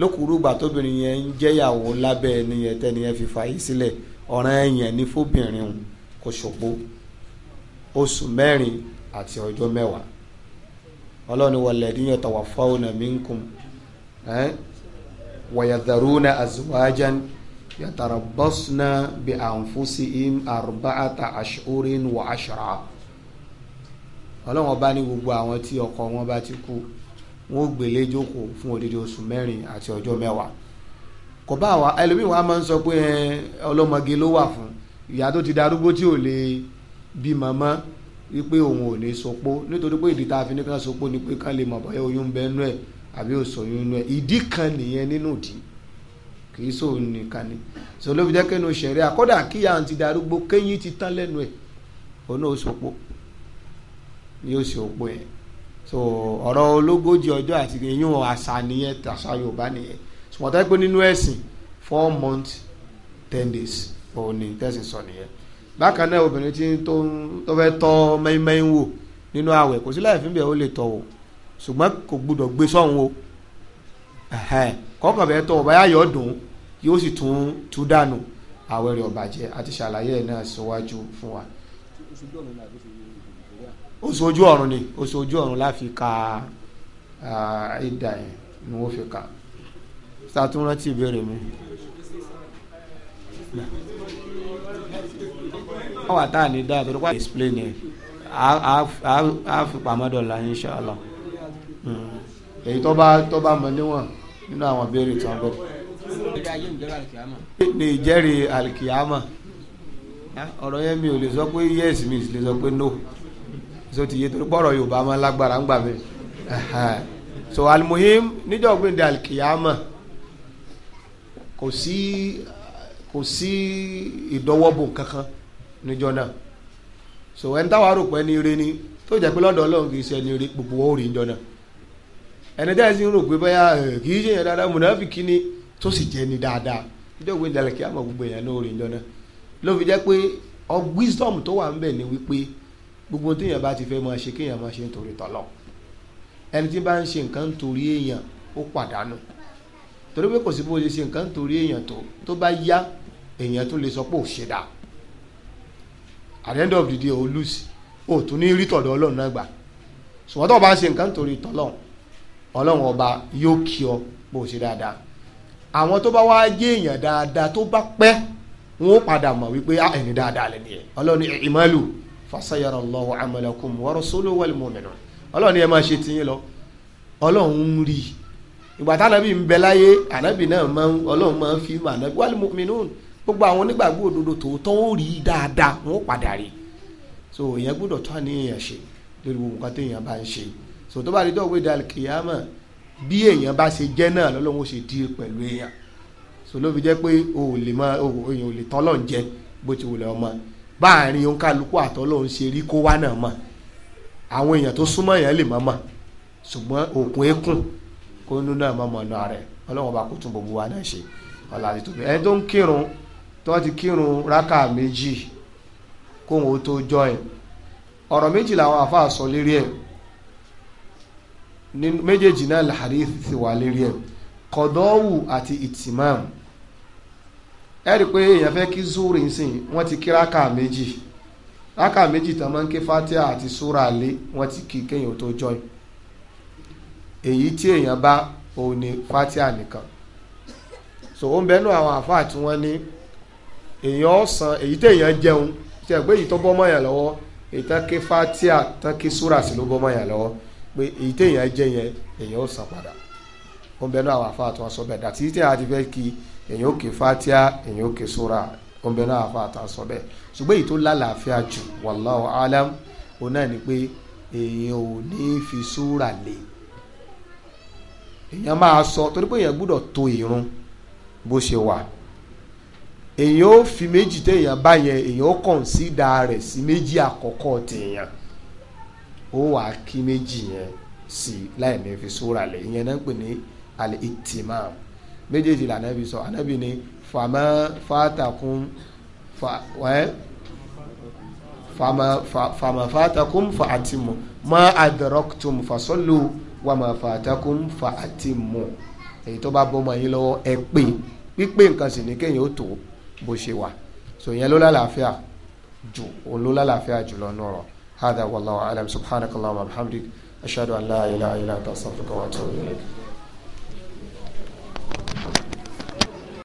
lókùrúgbà tóbìnrin yẹn ń jẹ́yàwó lábẹ́ ẹni yẹn tẹ́ni yẹn fi fàyè sílẹ̀ ọ̀ràn ẹ̀yàn ní fóbìnrin kò ṣòpó oṣù mẹ́rin àti ọjọ́ mẹ́wàá ọlọ́ni walladhina yatawaffawna minkum wayadharuna azwajan yatarabbasna bi anfusihim arba'ata ashhurin wa ashra ọlọ́wọ́n bá ní gbogbo àwọn tí ọkọ wọn bá ti kú wọn ó gbélé jókòó fún odidi oṣù mẹ́rin àti ọjọ́ mẹ́wàá kò bá wa ẹlòmíì wa máa ń sọ pé ọlọ́mọge ló wà fún ìyá tó ti darúgbó tí ò lè bí màmá wípé òun ò ní sopó nítorí pé ìdí tá a fi ní kán sopó ni pé kán lè mọ̀ bọ́yá oyún bẹ nú ẹ̀ àbí òsòyún nú ẹ̀ ìdí kan nìyẹn nínú ìdí kì í sòun nìkan ni sọ ló fi jẹ́ kẹ́nu ṣẹ̀rí àkọ́dà kíyà ti darúgbó kéyìn ti tán lẹ́nu ẹ̀ òun náà ó sopó yóò ṣe yẹn so ọ̀rọ̀ ológójì ọjọ́ àti eyín àṣà nìyẹn àṣà yorùbá nìyẹn sùmọ̀tá pé nínú ẹ̀sìn four months ten days òun ni tẹ̀sìn sọ nìyẹn bákan náà obìnrin tí tó fẹ́ tọ́ mẹ́ẹ́mẹ́ẹ́ wò nínú àwẹ̀ kò sí láì fi bẹ́ẹ̀ ó lè tọ̀ wò ṣùgbọ́n kò gbúdọ̀ gbé sọ́hún o kọ́kàn bẹ́ẹ̀ tọ̀ ọ̀bá yáyọ̀ dùn yóò sì tún tú dànù àwẹ̀ rẹ̀ ọ̀bàjẹ́ àti ṣàlàyé ẹ̀ náà síwájú fún wa. ṣùgbọ́n mi náà oṣù ojú ọ̀run ni oṣù ojú ọ̀run láfi ka ìdá yẹn ni wọ́n fi ka ṣàtúnrántí ìbéèrè mi. wọ́n wà tá à ní dáa torí wọ́n explain yẹn a fi pamọ́ dọ̀la inshallah hmm. èyí tó bá tó bá mọ níwọ̀n nínú àwọn ìbéèrè tó ń bọ̀. ní ìjẹ́rìí alikiyama ọ̀rọ̀ yẹn mi ò lè sọ pé yes mi lè sọ pé no so ti yé torí pọ̀rọ̀ yorùbá máa lágbára ń gbà mí so alimuhim níjọ́ gbẹ̀ndẹ̀ alikiyama kò sí kò sí ìdọ́wọ́bò kankan níjọ́ náà so ẹni táwa rò pé ẹni ire ni tó jẹ́ pé lọ́dọ̀ ọlọ́run kì í ṣe ẹni ire gbogbo wọn ò rí níjọ́ náà ẹni tẹ́ ẹ sì ń rò pé báyà kì í ṣe yẹn dáadáa mùnàfíkì ni tó sì jẹ́ ni dáadáa níjọ́ gbẹ̀ndẹ̀ alikiyama gbogbo èèyàn ló rí níjọ́ náà ló fi jẹ́ pé ọ wisdom tó wà ń bẹ̀ ni wípé gbogbo téèyàn bá ti fẹ́ máa ṣe kéèyàn máa ṣe nítorí tọ́lọ̀ ẹni tí bá ń ṣe nǹkan nítorí èèyàn ó pàdánù torí pé kò sí bó ṣe ṣe nǹkan nítorí èèyàn tó tó bá yá èèyàn tún lè sọ pé ò ṣe dáa at the end of the day o lose o tún ní rí tọ̀dọ̀ ọlọ́run náà gbà ṣùgbọ́n tó bá ṣe nǹkan nítorí tọ́lọ̀ ọlọ́run ọba yóò kí ọ bó ṣe dáadáa àwọn tó bá wá jẹ́ èèyàn dáadáa tó bá pẹ́ wọn ó padà mọ̀ wípé ah, ẹni dáadáa lẹ́ni ẹ̀ ọlọ́run ìmọ̀lù fasayara Allahu amalakum wa rasuluhu wal mu'minun ọlọ́run ni ẹ máa ṣe tiyín lọ ọlọ́run ń rí ìgbà tánábì ń bẹ láyé ànábì náà máa ń ọlọ́run máa ń fi mọ ànábì wal mu'minun gbogbo àwọn onígbàgbọ́ òdodo tòótọ́ ó rí dáadáa wọn ó padà rí so èèyàn gbọ́dọ̀ tó àníyàn ṣe lórí gbogbo nǹkan téèyàn bá ń ṣe so tó bá rí dọ́wọ́ ìdá kìyàmà bí èèyàn bá ṣe jẹ́ náà lọ́lọ́run ṣe dí pẹ̀lú èèyàn so ló fi jẹ́ pé o ò lè máa o ń jẹ bó ti wù lẹ́ ọmọ báàrin òǹkàlùkù àtọ́lọ́hún ṣe rí kó wá náà mọ̀ àwọn èèyàn tó súnmọ́ èèyàn lè mọ̀ mọ̀ ṣùgbọ́n òkun eékún kó nínú náà mọ̀ mọ̀ náà rẹ̀ ọlọ́run ọba kó tún gbogbo wa náà ṣe ọ̀la àti tóbi ẹni tó ń kírun tó ti kírun rákà méjì kóun ó tó jọ ẹ̀ ọ̀rọ̀ méjì làwọn àfáà sọ lérí ẹ̀ méjèèjì náà làárí ti wà lérí ẹ̀ kọ̀dọ́wù àti ìtìmáàmù ẹ pé èèyàn fẹ́ kí wọ́n ti kí rákà méjì rákà méjì tán máa ń fatia àti sura lé wọ́n ti kí kéèyàn tó join èyí tí èèyàn bá òun ni fatia nìkan so ó ń bẹnu àwọn àfáà tí wọ́n ní èèyàn ọ̀sán èyí tí èèyàn jẹun tí ẹ̀ pé èyí tó bọ́ mọ́ yàn lọ́wọ́ èyí tán fatia tán ké sura sí ló bọ́ mọ́ yàn lọ́wọ́ pé èyí tí èèyàn jẹ yẹn èèyàn ọ̀sán padà ó ń bẹnu àwọn àfáà tí wọ́n sọ bẹ́ẹ̀ èyàn òkè fatia èyàn òkè sora ọmọbẹ náà àfa àtàsọ bẹ́ẹ̀ ṣùgbọ́n èyí tó lálàáfíà jù wallahu alam òun náà ni pé èyàn ò ní fi sora lè èyàn máa sọ torí pé èyàn gbúdọ̀ to ìrun bó ṣe wà èyàn ó fi méjì téèyàn bá yẹn èyàn ó kọ̀ǹsídà rẹ̀ sí méjì àkọ́kọ́ téèyàn ó wà á kí méjì yẹn sí láì ní fi sora lè ìyẹn náà ń pè ní méjèèjì lànàbí sọ ànàbí ni fàmà fàtàkùn fàmà fàtàkùn fàtìmù má àdàrọ́kùtùm fàsọ́lù wàmà fàtàkùn fàtìmù èyí tó bá bọ́mọ yín lọ́wọ́ ẹ pé pípé nǹkan sì ní kéèyàn ó tó bó ṣe wà so yẹn ló lálàáfíà jù òun ló lálàáfíà jùlọ nù ọ̀rọ̀ hada wallahu alam subhanakallahumma wa bihamdik ashhadu an la ilaha illa anta astaghfiruka wa atubu ilayk.